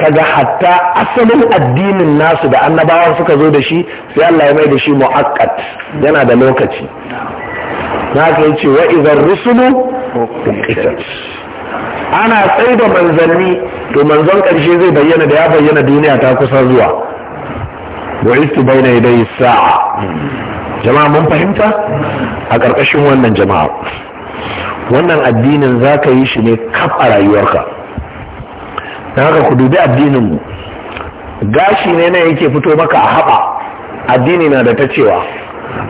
kaga hatta asalin addinin nasu da annabawa suka zo da shi sai Allah ya mai da shi mu'akkat yana da lokaci na ka yace wa idan rusulu ana tsaye da manzanni to manzon karshe zai bayyana da ya bayyana duniya ta kusa zuwa wa istu bayna yaday sa'a jama'a mun fahimta a ƙarƙashin wannan jama'a wannan addinin za ka yi shi ne kaf a rayuwarka na haka ku dubi addininmu gashi ne na yake fito maka a haɓa addini na da ta cewa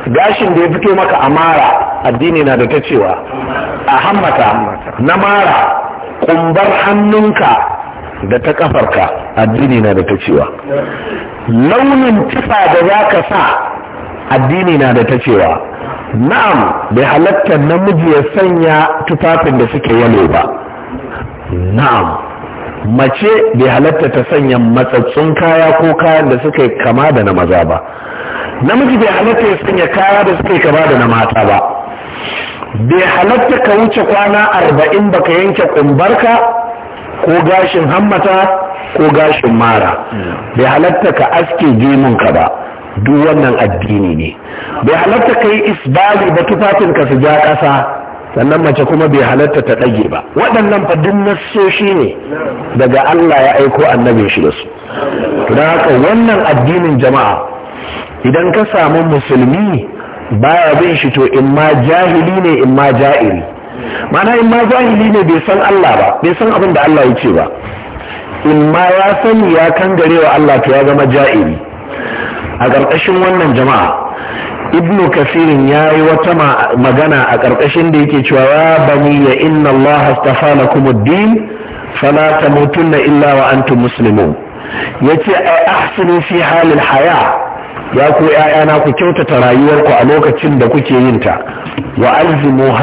gashin da ya fito maka a mara addini na da ta cewa a hammata na mara kumbar hannunka da ta kafarka addini na da ta cewa launin tufa da za ka sa addini na da ta cewa na'am bai halatta namiji ya sanya tufafin da suke yalo ba na'am mace bai halatta ta sanya matsatsun kaya ko kayan da suke kama da na maza ba namiji bai halatta ya sanya kaya da suke kama da na mata ba bai halatta ka wuce kwana arba'in baka yanke kumbarka ko gashin hammata ko gashin mara bai halatta ka aske gemunka ba duk wannan addini ne bai halatta kai isbali ba tufafin ka su ja ƙasa sannan mace kuma bai halatta ta ɗage ba waɗannan fa duk nassoshi ne daga Allah ya aiko annabi shi da su don haka wannan addinin jama'a idan ka samu musulmi baya bin shi to in ma jahili ne in ma ja'iri mana in ma jahili ne bai san Allah ba bai san abin da Allah ya ce ba in ma ya sani ya kangare wa Allah to ya zama ja'iri a ƙarƙashin wannan jama'a ibnu kasirin ya yi wata magana a ƙarƙashin da yake cewa ya bani ya inna allaha astafa na ad-din fala na illa wa antum Ya yace ai ahsinu fi haya ya ku ya'yana ku kyautata rayuwarku a lokacin da kuke yin ta wa alzimu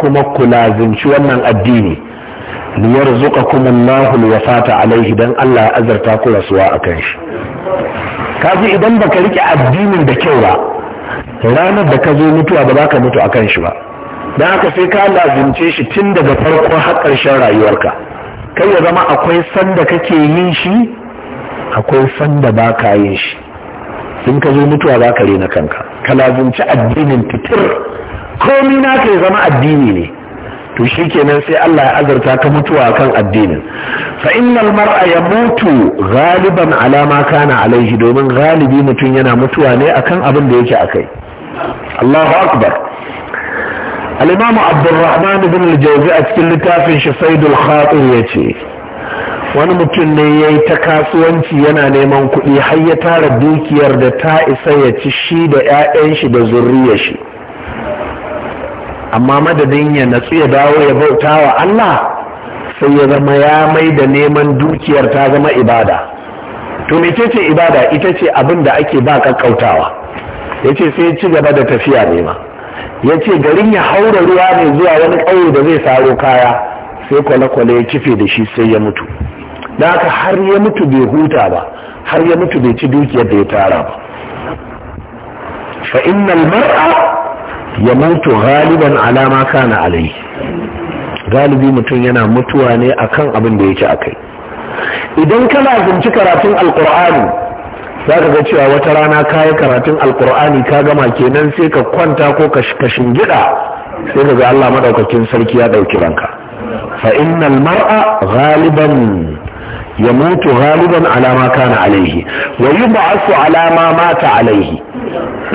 kuma ku lazimci wannan addini liyarzuqakum Allahu fata alaihi dan Allah ya azarta ku rasuwa akan shi kaji idan baka rike addinin da kyau ba ranar da ka zo mutuwa ba za ka mutu akan shi ba Da haka sai ka lazimce shi tun daga farko har ƙarshen rayuwarka kai ya zama akwai sanda kake yin shi akwai sanda ba ka yin shi in ka zo mutuwa za ka rena kanka ka lazimci addinin fitir komi na kai zama addini ne to kenan sai Allah ya azurta ka mutuwa kan addinin fa innal mar'a yamutu ghaliban ala ma kana alaihi domin galibi mutum yana mutuwa ne akan abin da yake akai Allahu akbar al-imam Abdurrahman ibn al-Jawzi a cikin littafin shi Saidul Khatir yace wani mutum ne ya yi ta kasuwanci yana neman kuɗi har ya tara dukiyar da ta isa ya ci shi da 'ya'yan shi da zurriyar shi amma madadin ya natsu ya dawo ya bauta wa Allah sai ya zama ya mai da neman dukiyar ta zama ibada to mece ce ibada ita ce abin da ake ba kakkautawa ya ce sai ci gaba da tafiya nema ya ce garin ya haura ruwa ne zuwa wani ƙauye da zai saro kaya sai kwale-kwale ya kife da shi sai ya mutu da haka har ya mutu bai huta ba har ya mutu bai ci dukiyar da ya tara ba fa innal mar'a ya mutu galiban alama kana alai galibi mutum yana mutuwa ne akan abin da yake akai idan kana zunci karatun alkur'ani za ka ga cewa wata rana ka yi karatun alkur'ani ka gama kenan sai ka kwanta ko ka shingida sai ka ga allah maɗaukakin sarki ya ɗauki ranka fa innal mar'a galiban ya mutu galiban alama kana alaihi wa yi ba'asu alama mata alaihi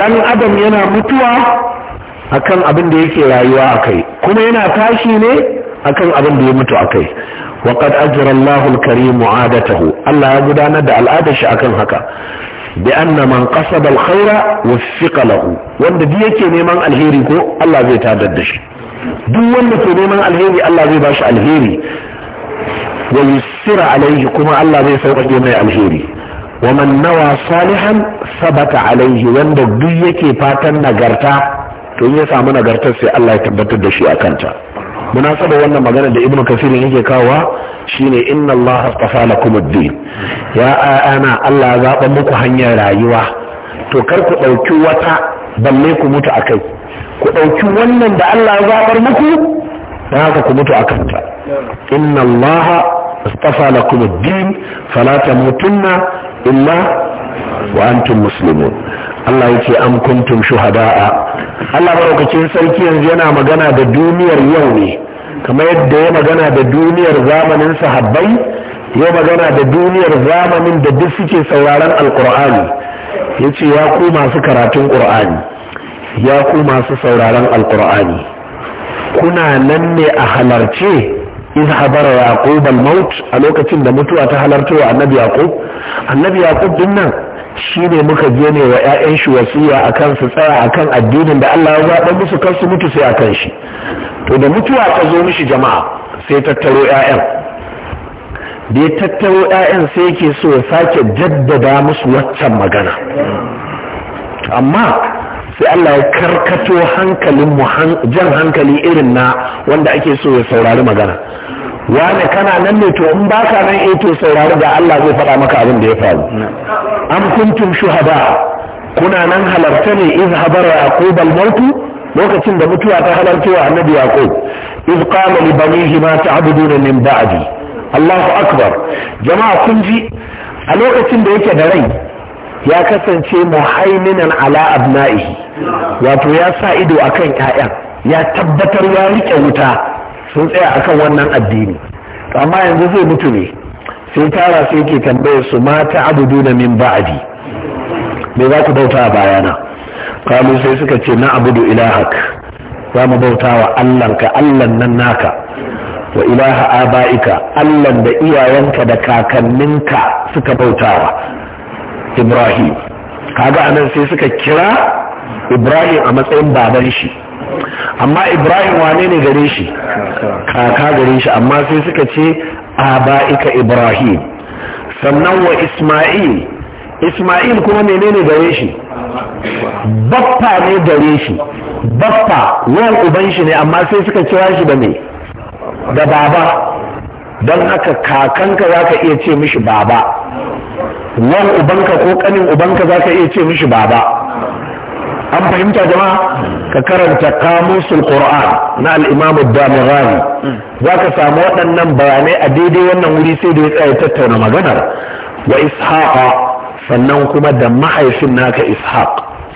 dan adam yana mutuwa akan abin da yake rayuwa akai kuma yana tashi ne akan abin da ya mutu akai wa qad ajra Allahu al-karim mu'adatahu Allah ya gudanar da al'adar shi akan haka bi anna man qasada al-khaira wuffiqa lahu wanda bi yake neman alheri ko Allah zai tadar da shi duk wanda ke neman alheri Allah zai bashi alheri wa yusira alaihi kuma Allah zai sauƙaƙe mai alheri wa man nawa salihan sabata alaihi wanda duk yake fatan nagarta to in ya samu nagartar sai Allah ya tabbatar da shi a kanta munasaba wannan magana da ibnu kasirin yake ke shine inna allaha astafa lakum ad-din ya ana Allah ya zaba muku hanyar rayuwa to kar ku dauki wata balle ku mutu akai ku dauki wannan da Allah ya zabar muku da haka ku mutu akan ta inna allaha astafa lakum ad-din fala tamutunna illa wa antum muslimun Allah ya ce kuntum shuhada'a Allah maraukakin sarki yanzu yana magana da duniyar yau ne kamar yadda ya magana da duniyar zamanin sahabbai ya magana da duniyar zamanin da duk suke sauraron alkur'ani ya ce ya ku masu karatun ƙur'ani ya ku masu sauraron alkur'ani kuna nan ne a halarce in habara yaqub al a lokacin da mutuwa ta halarta wa annabi yaqub annabi yaqub din nan shi ne muka je wa 'ya'yan shi wasiya kan su tsaya kan addinin da Allah ya zaɓa musu kan su mutu sai a kan shi to da mutuwa ta zo mishi jama'a sai tattaro 'ya'yan da ya tattaro 'ya'yan sai yake so ya sake jaddada musu waccan magana amma sai Allah ya karkato hankalin jan hankali irin na wanda ake so ya saurari magana wane kana nan ne to in baka nan eh to saurari da Allah zai faɗa maka abin da ya faru am kuntum shuhada kuna nan halarta ne iz habara yaqub al lokacin da mutuwa ta halarta wa annabi yaqub iz qala li banihi ma ta'buduna min ba'di Allahu akbar jama'a kun ji a lokacin da yake da rai ya kasance muhaiminan ala abna'ihi wato ya sa ido akan ƴaƴan ya tabbatar ya rike wuta sun tsaya akan wannan addini amma yanzu zai mutu ne sai tara sai ke tambayar su mata na min ba'adi me za ku bauta a bayana kalu sai suka ce na abudu ilahak za mu bauta wa allanka allan nan naka wa ilaha aba'ika allan da iyayenka da kakanninka suka bautawa ibrahim kaga anan sai suka kira ibrahim a matsayin baban shi amma ibrahim wane ne gare shi kaka gare shi amma sai suka ce aba'ika ibrahim sannan wa isma'il isma'il kuma menene gare shi baffa ne gare shi baffa yawan uban shi ne amma sai suka kira shi da ne. da baba don haka kakanka za ka iya ce mishi baba wan ubanka ko kanin ubanka za ka iya ce mishi baba an fahimta jama'a ka karanta kamusul qur'an na al-imam ad-damighani zaka samu waɗannan bayanai a daidai wannan wuri sai da ya tsaya tattauna maganar wa ishaqa sannan kuma da mahaifin naka ishaq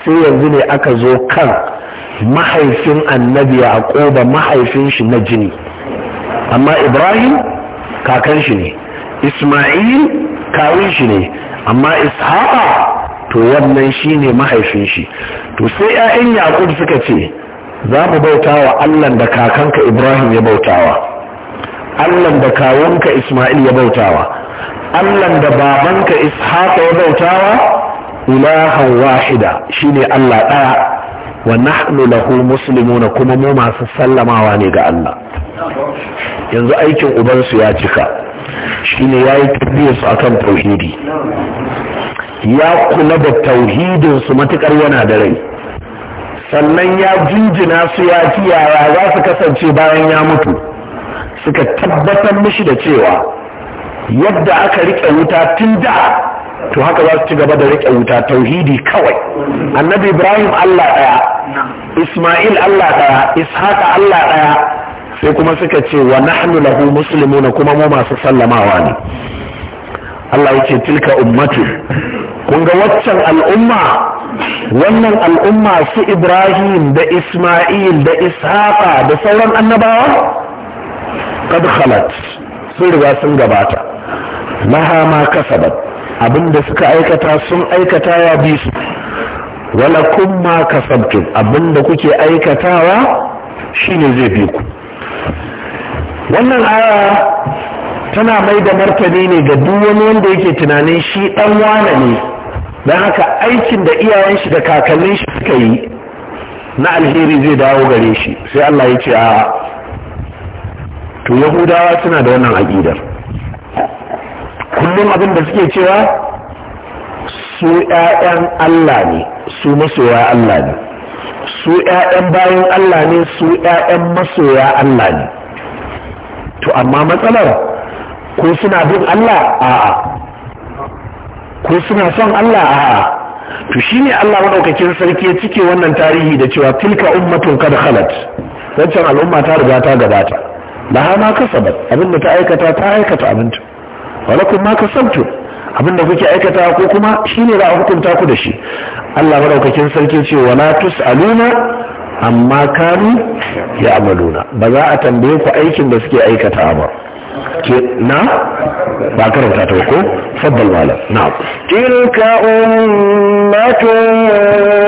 sai yanzu ne aka zo kan mahaifin annabi yaquba mahaifin shi na jini amma ibrahim kakan shi ne isma'il kawun shi ne amma ishaqa to wannan shine mahaifin shi to sai 'ya'yan yaqub suka ce za mu bauta wa Allah da kakanka Ibrahim ya bautawa allan da kawunka Ismail ya bautawa allan da babanka Ishaqa ya bautawa ilahan wahida shine Allah ɗaya wa nahnu lahu muslimuna kuma mu masu sallamawa ne ga Allah yanzu aikin ubansu ya cika Shi ne shine yayi tabbiyarsu akan tauhidi ya kula da tauhidin su matukar yana da rai sannan ya jinjina su ya yara za su kasance bayan ya mutu suka tabbatar mishi da cewa yadda aka rike wuta tun da to haka za su ci gaba da rike wuta tauhidi kawai annabi ibrahim allah ɗaya isma'il allah ɗaya ishaq allah ɗaya sai kuma suka ce wa nahnu lahu muslimuna kuma mu masu sallamawa ne Allah yake tilka ummatu kun ga waccan al'umma wannan al'umma su ibrahim da isma'il da ishaqa da sauran annabawa qad khalat sun riga sun gabata laha ma kasabat abinda suka aikata sun aikata ya bi su wala kun ma kasabtum abinda kuke aikatawa shine zai bi ku wannan aya tana mai da martani ne ga duk wani wanda yake tunanin shi dan wane ne don haka aikin da iyayen shi da kakannin shi suka yi na alheri zai dawo gare shi sai Allah ya ce a to yahudawa suna da wannan aƙidar kullum abin da suke cewa su ‘ya'yan Allah ne su masoya Allah ne su ‘ya'yan bayan Allah ne su ‘ya'yan masoya Allah ne to amma matsalar ko suna bin Allah a'a ko suna son Allah a to ne Allah maɗaukakin sarki ya cike wannan tarihi da cewa tilka ummatun kad khalat wancan al'umma ta riga ta gabata ha ma kasabat da ta aikata ta aikata abinta walakum ma Abin da kuke aikata ko kuma shine za a hukunta ku da shi Allah maɗaukakin sarki ce wala tusaluna amma kanu ya amaluna ba za a tambaye ku aikin da suke aikata ba نعم فضل نعم تلك أمة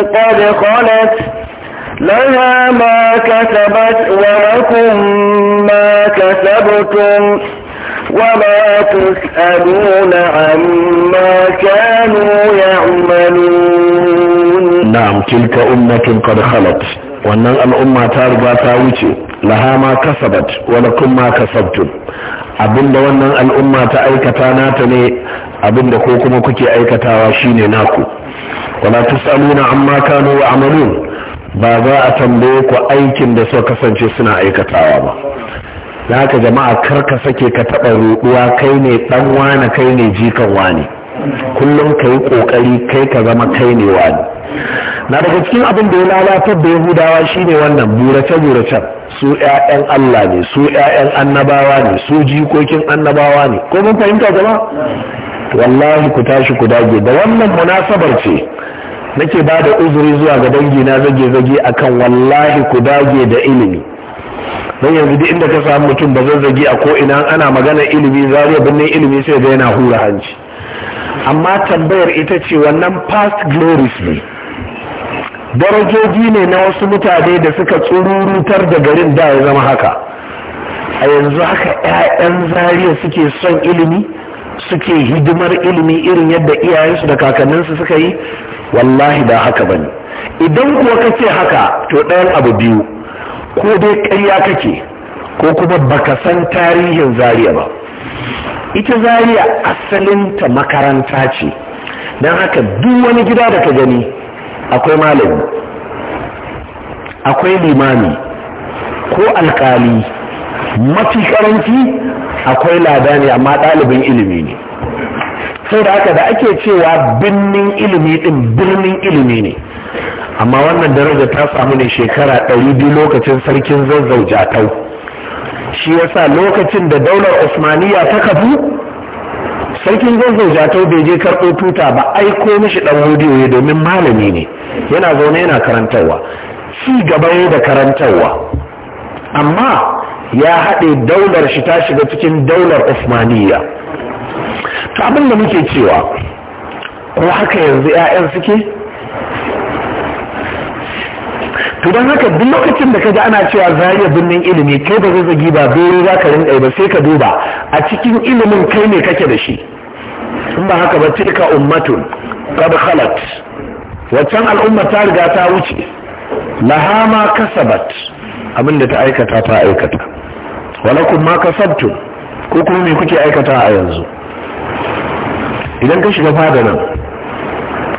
قد خلت لها ما كسبت ولكم ما كسبتم وما تسألون عما كانوا يعملون نعم تلك أمة قد خلت وأن الأمة ta تاويتي laha ma kasabat wa lakum ma kasabtum abinda wannan al'umma ta aikata nata ne abinda ko kuma kuke aikatawa shine naku wala tusaluna amma kanu amalun ba za a tambaye ku aikin da suka kasance suna aikatawa ba da haka jama'a kar ka sake ka taɓa ruɗuwa kai ne ɗan wane kai ne jikan wane kullum ka yi ƙoƙari kai ka zama kai ne wani na daga cikin abin da ya lalatar da yahudawa shine wannan burace-buracen su 'ya'yan allah ne su 'ya'yan annabawa ne su jikokin annabawa ne ko mun fahimta jama wallahi ku tashi ku dage da wannan munasabar ce nake ba da uzuri zuwa ga dangi na zage-zage akan wallahi ku dage da ilimi don yanzu duk inda ka samu mutum ba zazzagi a ko ina ana magana ilimi zariya birnin ilimi sai ga yana hura hanci amma tambayar ita ce wannan past glories ne darajoji ne na wasu mutane da suka tsururutar da garin da ya zama haka a yanzu haka 'ya'yan zariya suke son ilimi suke hidimar ilimi irin yadda iyayensu da kakanninsu suka yi wallahi ba haka bane idan kuwa kake haka to ɗayan abu biyu ko dai ƙarya kake ko kuma baka san tarihin zariya ba ita zariya asalinta makaranta ce don haka duk wani gida da ka gani akwai malami akwai limami ko alkali mafi karanci akwai lada amma ɗalibin ilimi ne Sau da aka da ake cewa birnin ilimi din birnin ilimi ne amma wannan daraja ta samu ne shekara ɗari biyu lokacin sarkin zazzau jatau shi yasa lokacin da daular Osmaniya ta kafu sarkin zazzau jatau bai je karɓo tuta ba aiko mishi ɗan rodiyo ya domin malami ne yana zaune yana karantarwa ci gaba ne da karantarwa amma ya haɗe daular shi ta shiga cikin daular Usmaniyya. Ta abinda da muke cewa ko haka yanzu 'ya'yan suke to don haka duk lokacin da ka ji ana cewa zariya birnin ilimi kai ba zai zagi ba bai za ka rinka ba sai ka duba a cikin ilimin kai ne kake da shi in ba haka ba tilka ummatun qad khalat waccan al'umma ta riga ta wuce Lahama ma kasabat abinda ta aikata ta aikata walakum ma Kasabtu, ko kuma me kuke aikata a yanzu idan ka shiga fada nan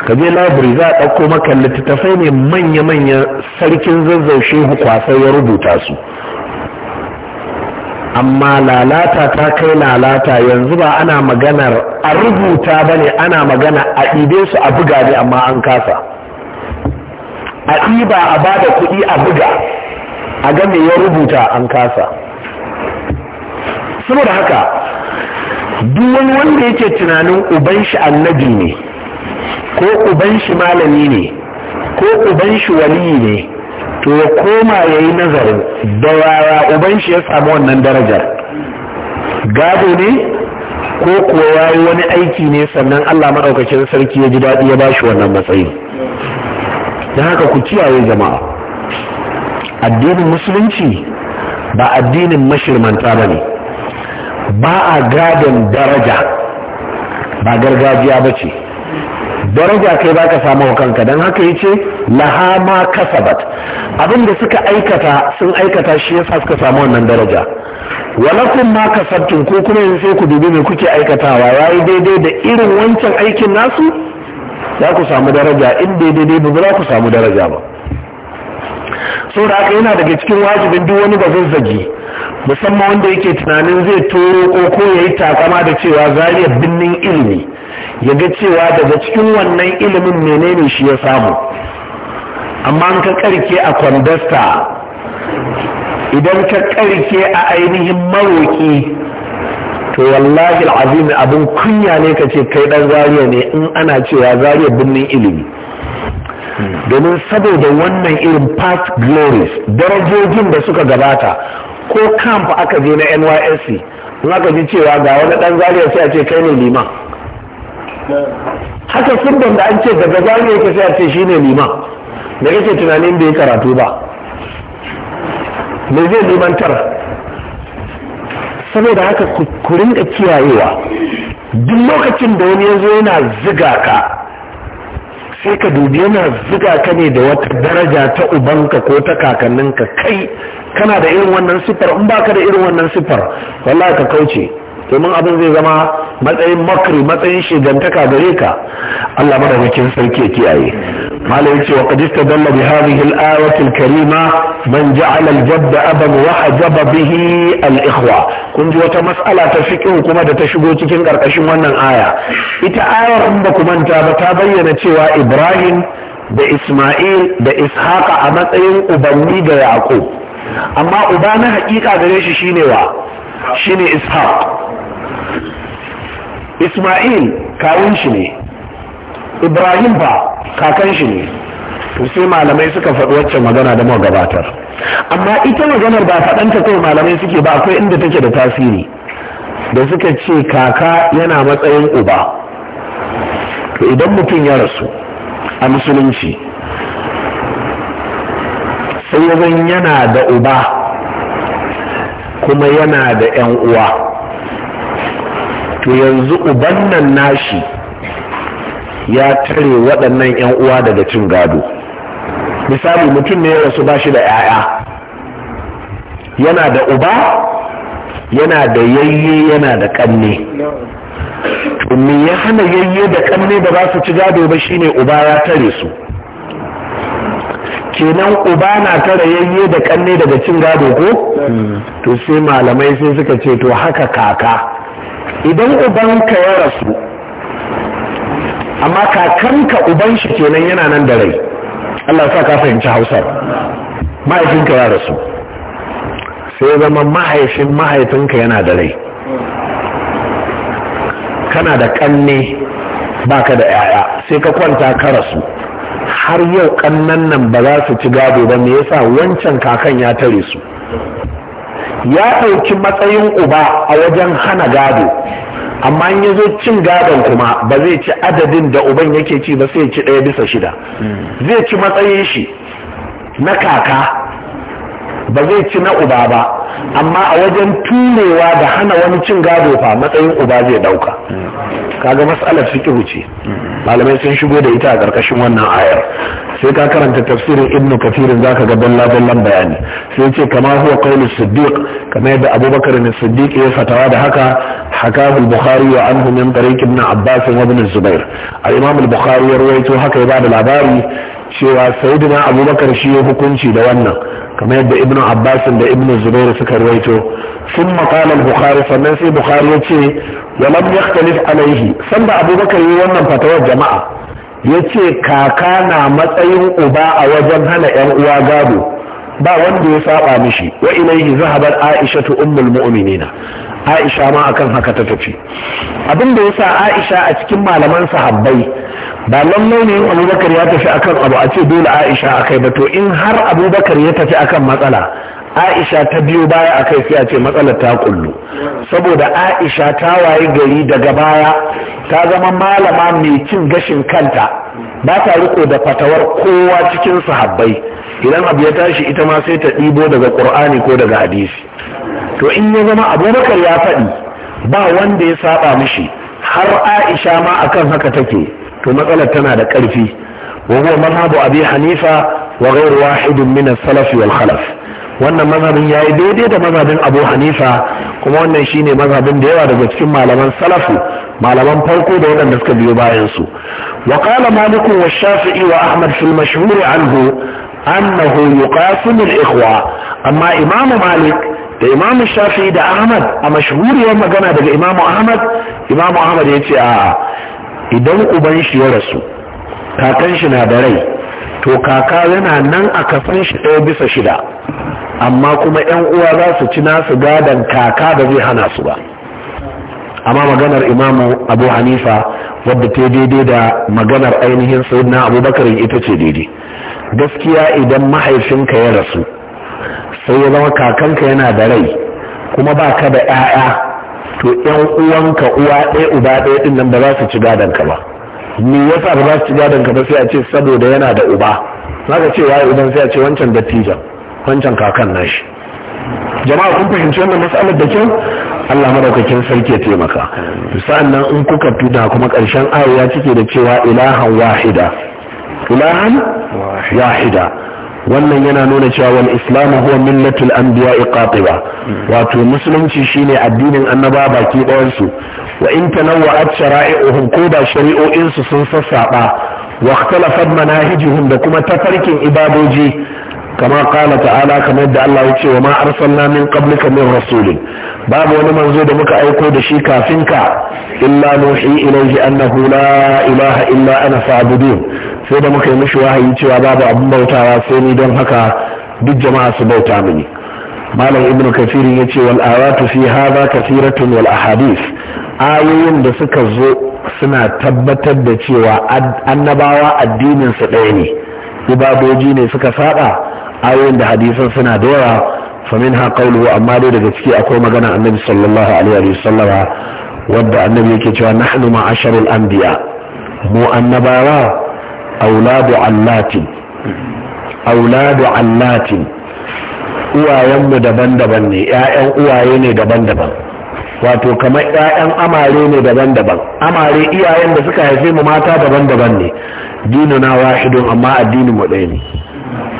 ka je labiri za a ɗauko maka littattafai ne manya-manya sarkin zazzau shehu kwasai ya rubuta su amma lalata ta kai lalata yanzu ba ana maganar a rubuta ba ne ana magana a ɗibe su a buga ne amma an kasa a ɗiba a ba da kuɗi a buga a game ya rubuta an kasa saboda haka duk wani wanda yake tunanin uban shi annabi ne ko uban shi malami ne ko uban shi wali ne to ya koma ya yi nazarin da yawa uban shi ya samu wannan darajar gado ne ko kuwa ya yi wani aiki ne sannan allah maɗaukacin sarki ya ji daɗi ya ba shi wannan matsayi don haka ku kiyaye jama'a addinin musulunci ba addinin mashirmanta ba ne ba a gadon daraja ba gargajiya ba ce daraja kai baka ka samu kanka don haka ya ce laha kasabat abin da suka aikata sun aikata shi yasa suka samu wannan daraja walakun ma kasabtun ko kuma yanzu sai ku dubi mai kuke aikatawa yayi daidai da irin wancan aikin nasu za ku samu daraja in daidai ba za ku samu daraja ba so da haka yana daga cikin wajibin duk wani bazazzagi musamman wanda yake tunanin zai toro ko ko yayi takama da cewa zariya birnin ilimi ya ga cewa daga cikin wannan ilimin menene shi ya samu amma an ka karke a kwandasta idan ka karke a ainihin maroki to wallahi al'azim abin kunya ne ka ce kai ɗan zariya ne in ana cewa zariya birnin ilimi domin saboda wannan irin past glories darajojin da suka gabata ko kamfa aka je na nysc in aka ji cewa ga wani ɗan zariya sai a ce kai ne liman haka sunan da an ce daga zane yake sai a ce shine liman da kake tunanin bai karatu ba me zai limantar saboda haka ku rinka kiyayewa duk lokacin da wani ya zo yana ziga ka sai ka dubi yana ziga ka ne da wata daraja ta ubanka ko ta kakanninka kai kana da irin wannan siffar in baka da irin wannan siffar wallahi ka kauce domin abin zai zama matsayin makri matsayin shigantaka gare ka Allah madaukakin sarki kiyaye malai ce wa qadista dalla bi hadhihi al-ayati al-karima man ja'ala al-jadda aban wa hajaba bihi al-ikhwa kun ji wata mas'ala ta fiqh kuma da ta shigo cikin karkashin wannan aya ita ayar in ba ku manta ba ta bayyana cewa Ibrahim da Isma'il da Ishaqa a matsayin ubanni ga Yaqub amma uba na hakika gare shi shine wa shine Ishaq isma'il kawun shi ne ibrahim ba kakan shi ne to sai malamai suka faɗi waccan magana da gabatar amma ita maganar ba faɗanta kai malamai suke ba akwai inda take da tasiri da suka ce kaka yana matsayin uba to idan mutum ya rasu a musulunci sai yana da uba kuma yana da 'yan uwa to yanzu uban nan nashi ya tare waɗannan 'yan uwa daga cin gado misali mutum ne wasu ba shi da 'ya'ya yana da uba yana da yayye yana da ƙanne to me ya hana yayye da ƙanne da ba su ci gado ba shine uba ya tare su kenan uba na tare yayye da ƙanne daga cin gado ko hmm. to sai malamai sai suka ce to haka kaka idan ubanka ya rasu amma kakanka uban shi kenan yana nan da rai Allah sa ka fahimci Hausa mahaifinka ya rasu sai zama mahaifin mahaifinka yana da rai kana da kanne baka da yaya sai ka kwanta ka rasu har yau kannan nan ba za su ci gado ba me yasa wancan kakan ya tare su ya ɗauki matsayin uba a wajen hana gado amma in ya zo cin gadon kuma ba zai ci adadin da uban yake ci ba sai ci ɗaya bisa shida zai ci matsayin shi na kaka ba zai ci na uba ba amma a wajen turewa da hana wani cin gado fa matsayin uba zai dauka kaga matsalar fiqhu ce malamai sun shigo da ita a ƙarƙashin wannan ayar sai ka karanta tafsirin ibnu kafirin zaka ga dalla dallan bayani sai ce kama huwa qawlu siddiq kama yadda abubakar ne siddiq ya fatawa da haka hakahu al-bukhari wa anhu min tariq ibn abbas wa ibn zubair al-imam al-bukhari ya rawaito haka ya bada labari cewa sayyidina abubakar shi ya hukunci da wannan kama yadda ibn abbas da ibn zubair suka rawaito sun قال Bukhari sannan sai bukhari ya ce wa lam yakhtalif alayhi sanda abubakar yi wannan fatawar jama'a ya ce kaka na matsayin uba a wajen hana 'yan uwa gado ba wanda ya saba mishi wa ilaihi zahabar aisha ta ummul mu'minina aisha ma akan haka ta tafi abin da yasa aisha a cikin malaman sahabbai ba lallai ne abubakar ya tafi akan abu a ce dole aisha akai ba to in har abubakar ya tafi akan matsala aisha ta biyo baya a kai sai ce matsalar ta kullu saboda aisha ta waye gari daga baya ta zama malama mai cin gashin kanta ba ta riko da fatawar kowa cikin sahabbai idan abu ya tashi ita ma sai ta ɗibo daga ƙur'ani ko daga hadisi to in ya zama abubakar ya faɗi ba wanda ya saba mishi har aisha ma akan haka take to matsalar tana da ƙarfi wa huwa mazhabu abi hanifa wa ghayr wahidin min as-salaf wal khalaf wannan mazhabin ya yi daidai da mazhabin abu hanifa kuma wannan shine mazhabin da yawa daga cikin malaman salafu malaman farko da waɗanda suka biyo bayansu. Wakala wa wa shafi'i wa ahmad fil mashhur anhu annahu yuqasim al ikhwa amma imam malik da imam shafi'i da ahmad a mashhuriyar magana daga imam ahmad imam ahmad ya ce a idan uban shi ya rasu kakan shi na da rai to kaka yana nan a kasan shi ɗaya bisa shida amma kuma yan uwa za su ci nasu gadon kaka da zai hana su ba amma maganar imamu abu hanifa wadda ta daidai da maganar ainihin na abubakar ita ce daidai gaskiya idan mahaifinka ya rasu sai ya zama kakanka yana da rai kuma ba ka da 'ya'ya to yan uwanka uwa ɗaya uba ɗaya ɗin nan ba za su ci gadonka ba me yasa ba za su ci gadonka ba sai a ce saboda yana da uba za ka ce wa idan sai a ce wancan dattijan wancan kakan nashi jama'a kun fahimci wannan matsalar da kyau Allah madaukakin sarki ya taimaka sa'an in kuka tuna kuma ƙarshen ayo ya cike da cewa ilahan wahida ilahan wahida wannan yana nuna cewa wal islamu huwa millatul anbiya qatiba wato musulunci shine addinin annaba baki ɗayan su wa in tanawwa'at shara'i'uhum ko da shari'o'in su sun sassaba wa ikhtalafat manahijuhum da kuma tafarkin ibadoji kama kala ta'ala kamar da Allah cewa ce wa ma arsalna min qablika min rasulin babu wani manzo da muka aiko da shi kafin ka Ila nuhi ilayhi annahu la ilaha illa ana fa'budun sai da muka yi mishi wahayi cewa babu abin bautawa sai ni don haka duk jama'a su bauta mini malam ibnu kafir ya ce wal ayatu fi hadha kathiratun wal ahadith ayoyin da suka zo suna tabbatar da cewa annabawa addinin su ɗaya ne ibadoji ne suka saba ayoyin da hadisan suna da yawa famin ha qawluhu amma dai daga ciki akwai magana annabi sallallahu alaihi wa sallama wadda annabi yake cewa nahnu ma'asharul anbiya mu annabawa auladu allati auladu allati uwayenmu daban-daban ne 'ya'yan uwaye ne daban-daban wato kamar 'ya'yan amare ne daban-daban amare iyayen da suka haife mu mata daban-daban ne dinuna wahidun amma addinin mu ɗaya ne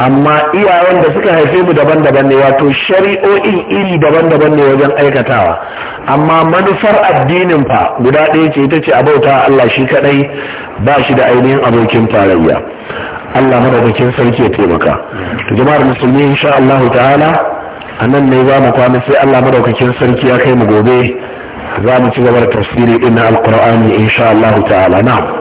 amma iyayen da suka haife mu daban-daban ne wato shari'o'in iri daban-daban ne wajen aikatawa amma manufar addinin fa guda ɗaya ce ita ce abauta Allah shi kaɗai, ba shi da ainihin abokin farayya Allah madaukakin sarki ya taimaka to jama'ar musulmi insha Allah ta'ala a nan ne za mu kwana sai Allah madaukakin sarki ya kai mu gobe za mu ci gaba da tafsiri din na alqur'ani insha Allah ta'ala na'am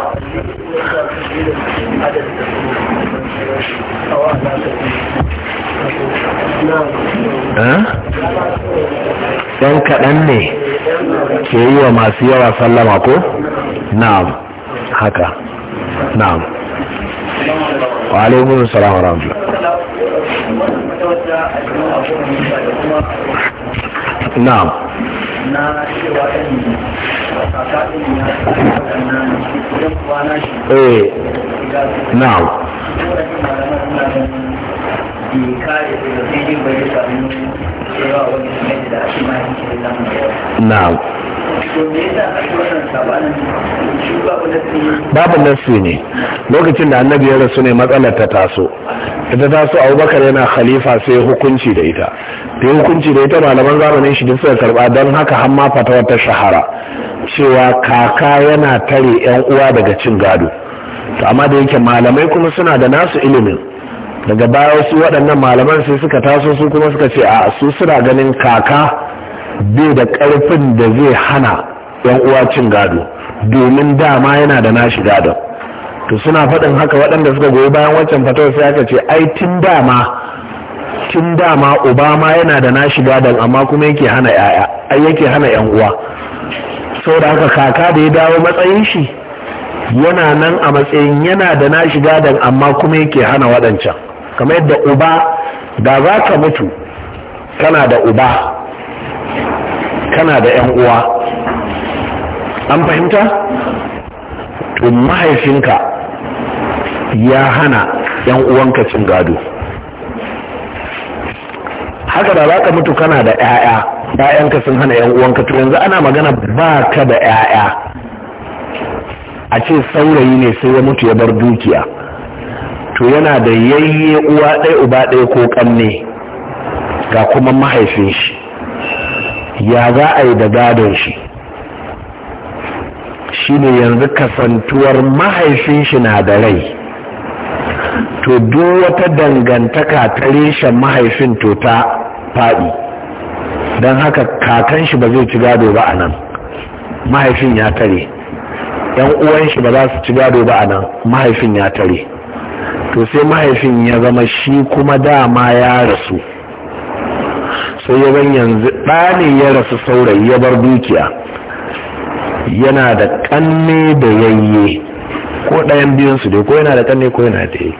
ɗan kaɗan ne ke yi wa masu yawa sallama ko? na'am haka na'am wa alaikumun salamu rahmatullah na'am eh na'am na'am babu nassi ne lokacin da annabi ya rasu ne matsalar ta taso ita taso abubakar yana khalifa sai hukunci da ita da hukunci da ita malaman zamanin shi duk suka karba don haka hamma fata ta shahara cewa kaka yana tare yan uwa daga cin gado amma da yake malamai kuma suna da nasu ilimin daga baya su waɗannan malaman sai suka taso su kuma suka ce a su suna ganin kaka bai da ƙarfin da zai hana yan uwa cin gado domin dama yana da nashi gadon to suna faɗin haka waɗanda suka goyi bayan waccan fatawar sai aka ce ai tun dama tun dama obama yana da nashi gadon amma kuma yake hana yaya ai yake hana yan uwa saboda haka kaka da ya dawo matsayin shi yana nan a matsayin yana da nashi gadon amma kuma yake hana waɗancan kamar yadda uba da za ka mutu kana da uba kana da uwa an fahimta Tun mahaifinka ya hana yan cin gado haka da za ka mutu kana da 'ya'ya 'ya'yanka sun hana 'yan uwanka yanzu ana magana ba ka da 'ya'ya a ce saurayi ne sai ya mutu ya bar dukiya to yana da yayye uwa ɗaya uba ɗaya ko ƙanne ga kuma mahaifin shi ya za a yi da gadon shi shi ne yanzu kasantuwar mahaifin shi na da rai to duk wata dangantaka ta reshen mahaifin to ta faɗi don haka kakan shi ba zai ci gado ba a nan mahaifin ya tare yan uwan shi ba za su ci gado ba a nan mahaifin ya tare to sai mahaifin ya zama shi kuma dama ya rasu sai ya zan yanzu ɗani ya rasu saurayi ya bar dukiya yana da ƙanne da yayye ko ɗayan biyunsu dai ko yana da ƙanne ko yana da yayye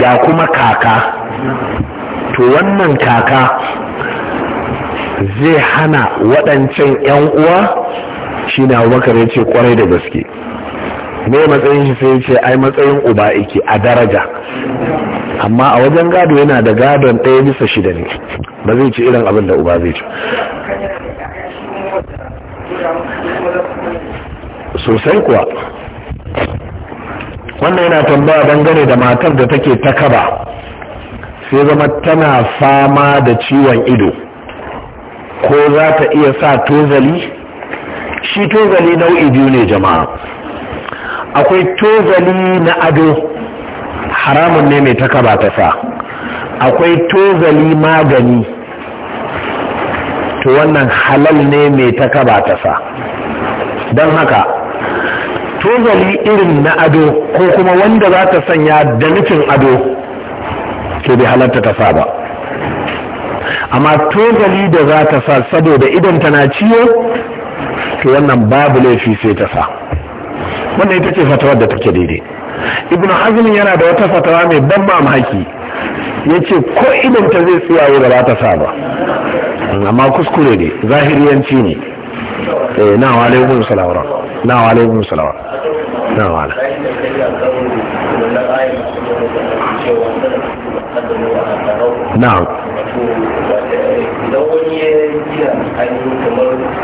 ga kuma kaka to wannan kaka zai hana waɗancan 'yan uwa shi na abubakar ya ce kwarai da gaske Me matsayin shi sai ce ai matsayin uba yake a daraja amma a wajen gado yana da gadon ɗaya bisa shida ne ba zai ci irin abin da uba zai ci sosai kuwa wannan yana tambaya dangane da matar da take ta kaba sai zama tana fama da ciwon ido ko za ta iya sa tozali shi tozali nau'i biyu ne jama'a akwai tozali na ado haramun ne mai takaba ta sa akwai tozali magani to wannan halal ne mai takaba ta sa don haka tozali irin na ado ko kuma wanda za ta sanya da nufin ado ke bai halatta ta sa ba amma tozali da za ta sa saboda idan tana ciwo to wannan babu laifi sai ta sa wannan ita ce fatawar da take daidai ibn hazm yana da wata fatawa mai ban mamaki yace ko idan ta zai tsiyaye ba za ta sa ba amma kuskure ne zahiriyanci ne eh na wa alaikum salam na wa alaikum salam na wa na'am idan wani ya yi kamar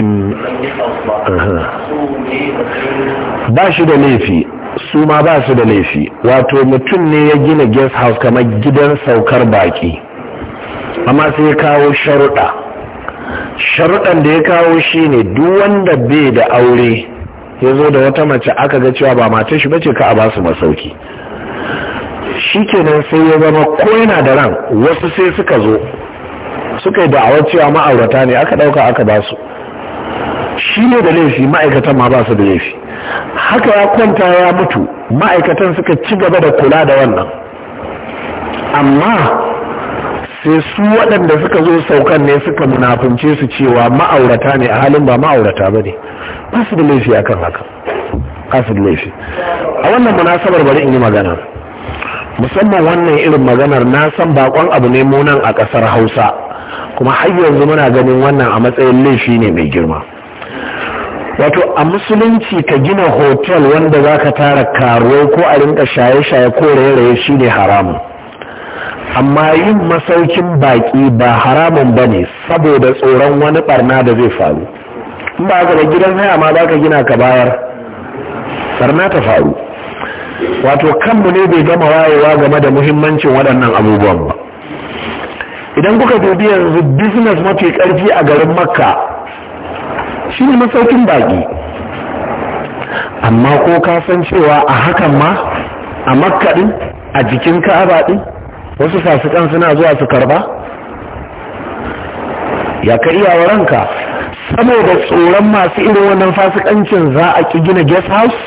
Mm. ba shi da laifi su ma ba su da laifi wato mutum ne ya gina guest house kamar gidan saukar baki amma sai ya kawo sharuɗa sharuɗan da ya kawo shi ne duk wanda bai da aure ya zo da wata mace aka ga cewa ba mata shi bace ka a ba su masauki kenan sai ya zama ko yana da ran wasu sai suka zo suka yi da'awar cewa ma'aurata ne aka ɗauka aka ba su shi ne da laifi ma'aikatan ma ba su da laifi haka ya kwanta ya mutu ma'aikatan suka ci gaba da kula da wannan amma sai su waɗanda suka zo saukan ne suka munafunce su cewa ma'aurata ne a halin ba ma'aurata ba ne ba su da laifi akan haka ba su da laifi a wannan munasabar bari in yi magana musamman wannan irin maganar na san bakon abu ne munan a ƙasar hausa kuma har yanzu muna ganin wannan a matsayin laifi ne mai girma wato a musulunci ka gina hotel wanda za ka tara karuwai ko a rinka shaye-shaye ko raye-raye shi ne haramun amma yin masaukin baƙi ba haramun ba ne saboda tsoron wani barna da zai faru in ba ga da gidan haya ma za ka gina ka bayar barna ta faru wato kanmu ne bai gama wayewa game da muhimmancin waɗannan abubuwan ba idan kuka dubi yanzu business mafi karfi a garin makka shi ne masaukin baki amma ko ka san cewa a hakan ma a makka din a jikin ka'aba din wasu fasikan suna zuwa su karba ya ka iya wa ranka saboda tsoron masu irin wannan fasikancin za a ki gina guest house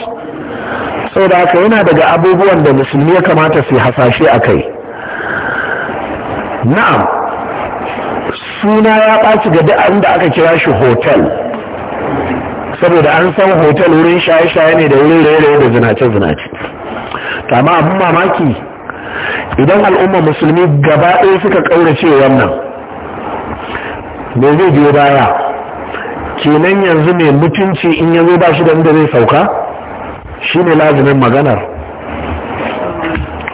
Sau da aka yana daga abubuwan da musulmi ya kamata su yi hasashe a kai na'am suna ya ɓaci ga duk abin da aka kira shi hotel saboda an san hotel wurin shaye-shaye ne da wurin raye da zinace-zinace ma abin mamaki idan al'umma musulmi gaba ɗaya suka ƙaurace wannan me zai biyo baya kenan yanzu mai mutunci in yanzu ba shi da inda zai sauka shi ne lazimin maganar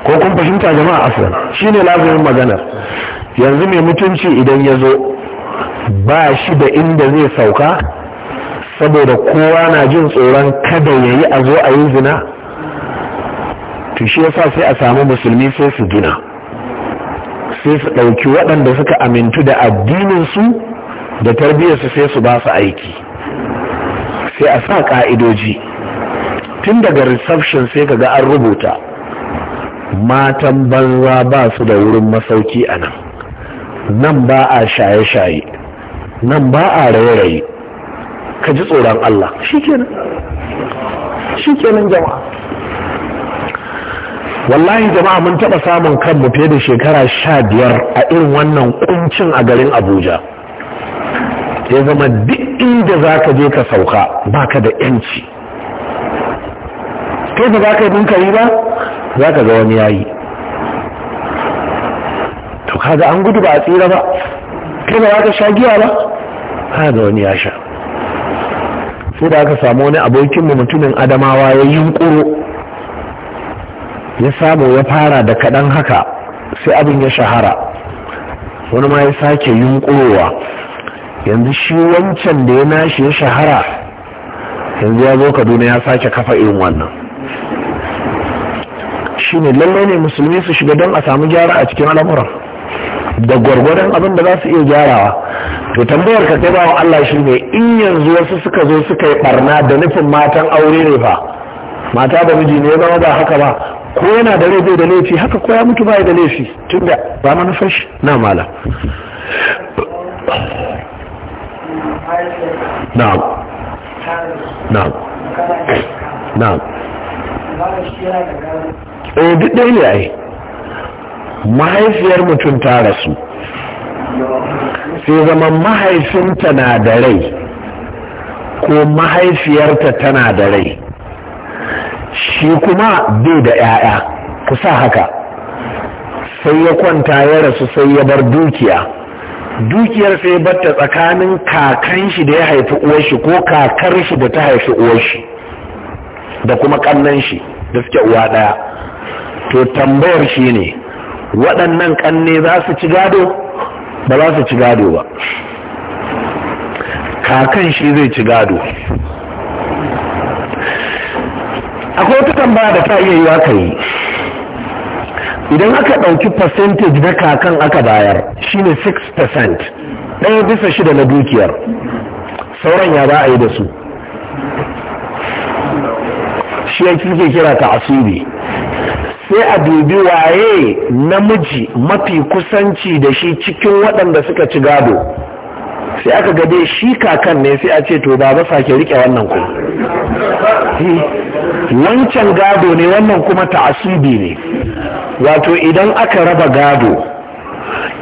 ko kun fahimta jama'a shi ne lazimin maganar yanzu mai mutunci idan ya zo ba shi da inda zai sauka saboda kowa na jin tsoron kada ya yi a zo a yi zina to shi yasa sai a samu musulmi sai su gina sai su ɗauki waɗanda suka amintu da addininsu da tarbiyyarsu sai su ba su aiki sai a sa ƙa'idoji tun daga reception sai ka ga an rubuta matan banza ba su da wurin masauki a nan nan ba a shaye-shaye nan ba a raye-raye ka ji tsoron Allah shikenan nan jama'a wallahi jama'a mun taɓa samun kanmu fiye da shekara sha biyar a irin wannan kuncin a garin abuja ya zama duk inda za ka je ka sauka ba ka da yanci kai ba za ka yi ba za ka ga wani yayi to kaga an gudu ba a tsira ba kai ba ka sha giya ba da wani ya sha sai da aka samu wani abokin mu mutumin adamawa ya yunkuro ya samu ya fara da kaɗan haka sai abin ya shahara wani ma ya sake yunkurowa yanzu shi wancan da ya nashi ya shahara yanzu ya zo kaduna ya sake kafa irin wannan shi ne lallai ne musulmi su shiga don a samu gyara a cikin al'amuran da gwargwadon abin da za su iya gyarawa to tambayar ka kai wa Allah shi ne in yanzu wasu suka zo suka yi barna da nufin matan aure ne fa mata da miji ne zama ba haka ba ko yana da rai da laifi haka ko ya mutu ba da laifi tunda ba manufar shi na mala na'am na'am na'am eh duk dai ne ai mahaifiyar mutum ta rasu sai zama mahaifinta na da rai ko mahaifiyarta tana da rai shi kuma bai da 'ya'ya kusa haka sai ya kwanta ya rasu sai ya bar dukiya dukiyar sai batta tsakanin kakan shi da ya haifi uwashi ko kakar shi da ta haifi uwashi da kuma kannan shi da suke uwa daya to tambayar shi ne waɗannan ƙanne za su ci gado ba za su ci gado ba kakan shi zai ci gado akwai wata tambaya da ta iya yi aka yi idan aka ɗauki percentage na kakan aka bayar shine 6% ɗaya bisa shida na dukiyar sauran ya ba a yi da su shi yanki suke kira ta asiri sai a dubi waye namiji mafi kusanci da shi cikin waɗanda suka ci gado sai aka gade shi kakan ne sai a ce to baba sake rike wannan kuma wancan gado ne wannan kuma ta'asubi ne wato idan aka raba gado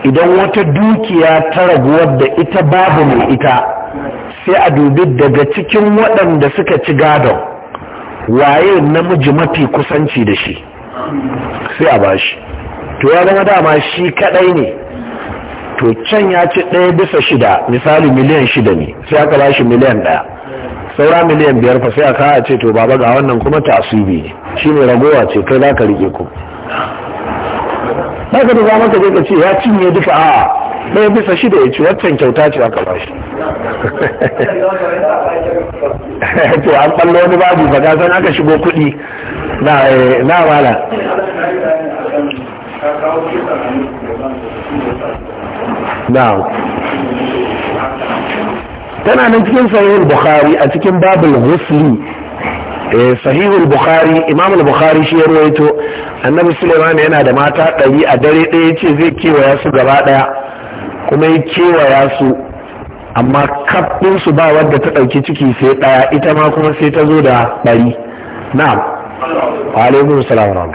idan wata dukiya ta raguwar da ita babu mai ita sai a dubi daga cikin waɗanda suka ci gado, waye namiji mafi kusanci da shi sai a bashi to ya zama dama shi kadai ne to can ya ci ɗaya bisa shida misali miliyan shida ne sai aka bashi miliyan ɗaya saura miliyan biyar fa sai aka a ce to baba ga wannan kuma tasubi ne shi ne ragowa ce kai za ka riƙe ku ba ka zama ka je ka ce ya cinye duka a ɗaya bisa shida ya ci waccan kyauta ce aka ba shi to an ɓallo wani babu ba san aka shigo kuɗi Eh, tana nan cikin sahihul bukhari a cikin babul ghusli eh, sahihul bukhari imam al-bukhari shi ya ruwaito annabi sulaiman yana da mata ɗari a dare ɗaya yace zai kewaya su gaba ɗaya kuma ya kewaya su amma kafin su ba wadda ta ɗauki ciki sai ɗaya ita ma kuma sai ta zo da ɗari na'am wa alaikun salam ramu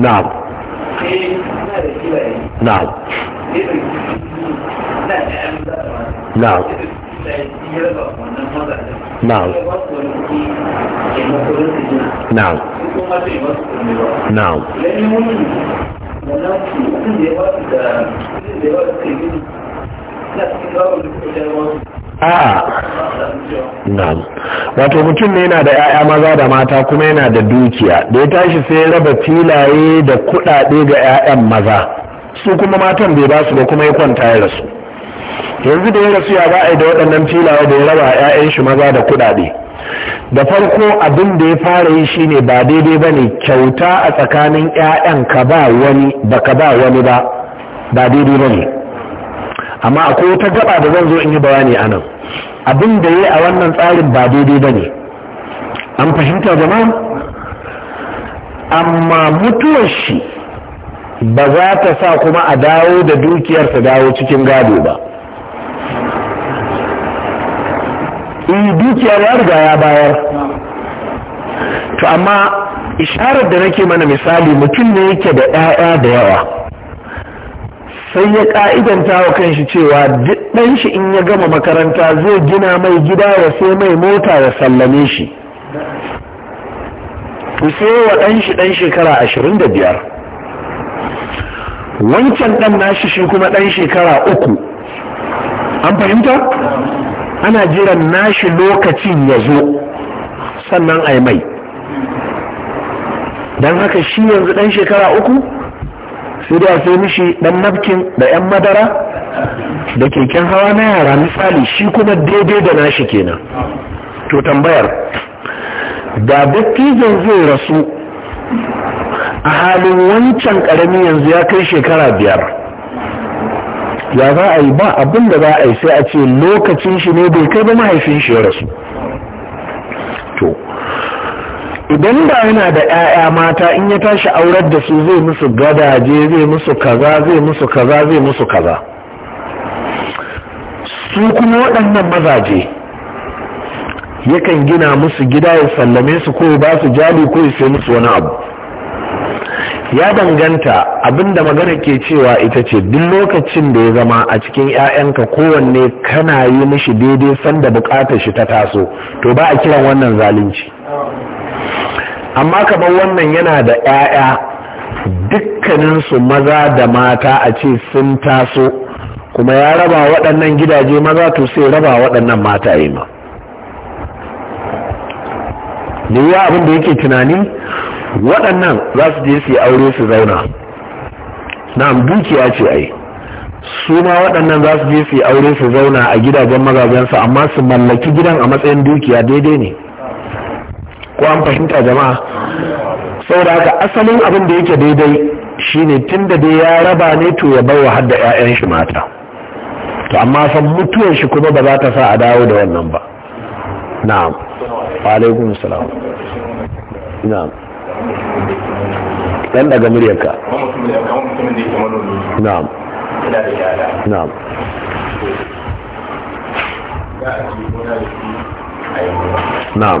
na'am na'am na'am na'am na'am na'am na'am a'a wato mutum ne yana da 'ya'ya maza da mata kuma yana da dukiya da ya tashi sai raba filaye da kuɗaɗe ga 'ya'yan maza su kuma matan bai ba su ba kuma ya kwanta ya rasu yanzu da ya rasu ya ba da waɗannan filaye da ya raba 'ya'yan shi maza da kuɗaɗe da farko abin da ya fara yi shine ba daidai ba ne kyauta a tsakanin 'ya'yan ka ba wani ba ka ba wani ba ba daidai ba ne amma akwai wata gaba da zan zo in yi bayani a nan abin da ya a wannan tsarin ba daidai ba ne an fahimta jama'a amma mutuwar shi ba za ta sa kuma a dawo da dukiyar ta dawo cikin gado ba eh, dukiyar ya riga ya bayar to amma isharar da nake mana misali mutum ne yake da 'ya'ya da yawa sai ya ka'idanta wa kanshi cewa duk ɗan shi in ya gama makaranta zai gina mai gida ya sai mai mota ya sallame shi sai wa ɗan shi ɗan shekara ashirin da biyar wancan ɗan nashi shi kuma ɗan shekara uku an fahimta ana jiran nashi lokacin ya zo sannan a mai don haka shi yanzu ɗan shekara uku sai a sai mishi dan nafkin da yan madara da keken hawa na yara misali shi kuma daidai da nashi kenan to tambayar da dattijan zai rasu a halin wancan karami yanzu ya kai shekara biyar ya za a yi ba abin da za a yi sai a ce lokacin shi ne bai kai ba mahaifin shi ya rasu to idan da yana da 'ya'ya mata in ya tashi aurar da su zai musu gadaje zai musu kaza zai musu kaza zai musu kaza su kuma waɗannan mazaje yakan gina musu gida ya sallame su ko ba su jali ko ya sai musu wani abu ya danganta abinda magana ke cewa ita ce duk lokacin da ya zama a cikin 'ya'yanka kowanne kana yi mishi daidai sanda bukatar shi ta taso to ba a kiran wannan zalunci amma kamar wannan yana da 'ya'ya dukkaninsu maza da mata a ce sun taso kuma ya raba waɗannan gidaje maza to sai raba waɗannan mata yi ma da ya abin da yake tunani waɗannan za su je su yi aure su zauna na dukiya ce ai su ma waɗannan za su je su yi aure su zauna a gidajen mazajensu amma su mallaki gidan a matsayin dukiya daidai ne ko an fahimta jama'a saboda haka asalin abin da yake daidai shine tun da dai ya raba ne to ya bai wa hadda 'ya'yan shi mata to amma san mutuwar shi kuma ba za ta sa a dawo da wannan ba na'am alaikum salam na'am dan daga muryarka na'am na'am na'am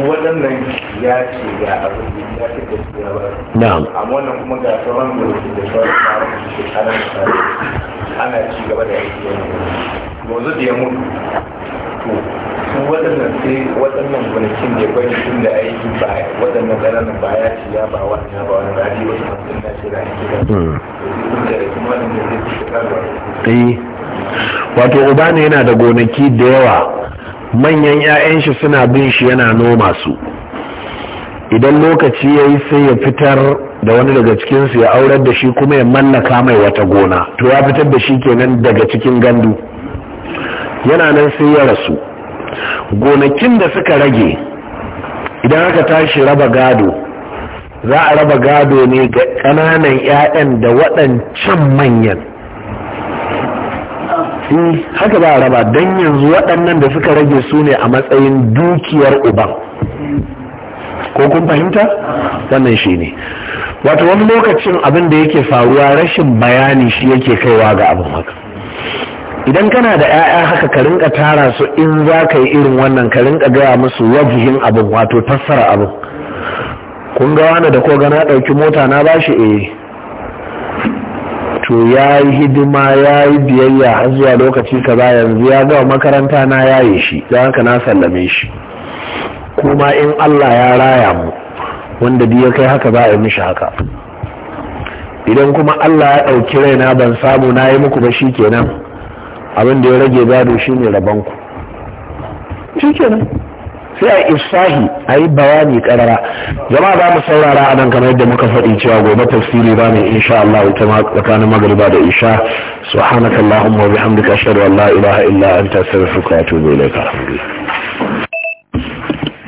waɗannan ya ce ga abin ya ce da su ba na'am amma wannan kuma ga sauran da su da sauran tsarin da su kanan tsari ana ci gaba da aiki yanzu da ya mutu to su waɗannan sai waɗannan gwanakin da bari tun da aiki ba waɗannan ƙananan ba ya ce ya ba wani ya ba wani ba ne wasu masu na ce da aiki hmm. da su eh. wato uba ne yana da gonaki da yawa manyan 'ya'yan shi suna bin shi yana noma su idan lokaci ya yi sai ya fitar da wani daga cikinsu ya aurar da shi kuma ya mallaka mai wata gona to ya fitar da shi kenan daga cikin gandu yana nan sai ya rasu gonakin da suka rage idan aka tashi raba gado za a raba gado ne ga ƙananan 'ya'yan da waɗancan manyan haka za a raba don yanzu waɗannan da suka rage su ne a matsayin dukiyar uban ko kun fahimta wannan shi ne Wata wani lokacin abin da yake faruwa rashin bayani shi yake kaiwa ga abin haka idan kana da 'ya'ya haka ka rinka tara su in za ka yi irin wannan ka rinka gaya musu wajihin abin wato fassara abin kun ga wani da ko gana ɗauki mota na ba shi eh to ya yi hidima ya yi biyayya har zuwa lokaci kaza yanzu ya gawa makaranta na ya yi shi don haka na sallame shi kuma in allah ya raya mu wanda ya kai haka za a yi mishi haka idan kuma allah ya ɗauki raina ban samu na yi muku ba shi kenan abin da ya rage gado shi ne rabonku shi sai a isahi a yi bayani karara zama za mu saurara a nan kamar yadda muka faɗi cewa gobe tafsiri ba ne insha Allah ta tsakanin magariba da isha subhanakallahumma wa bihamdika ashhadu an la ilaha illa anta astaghfiruka wa atubu ilayka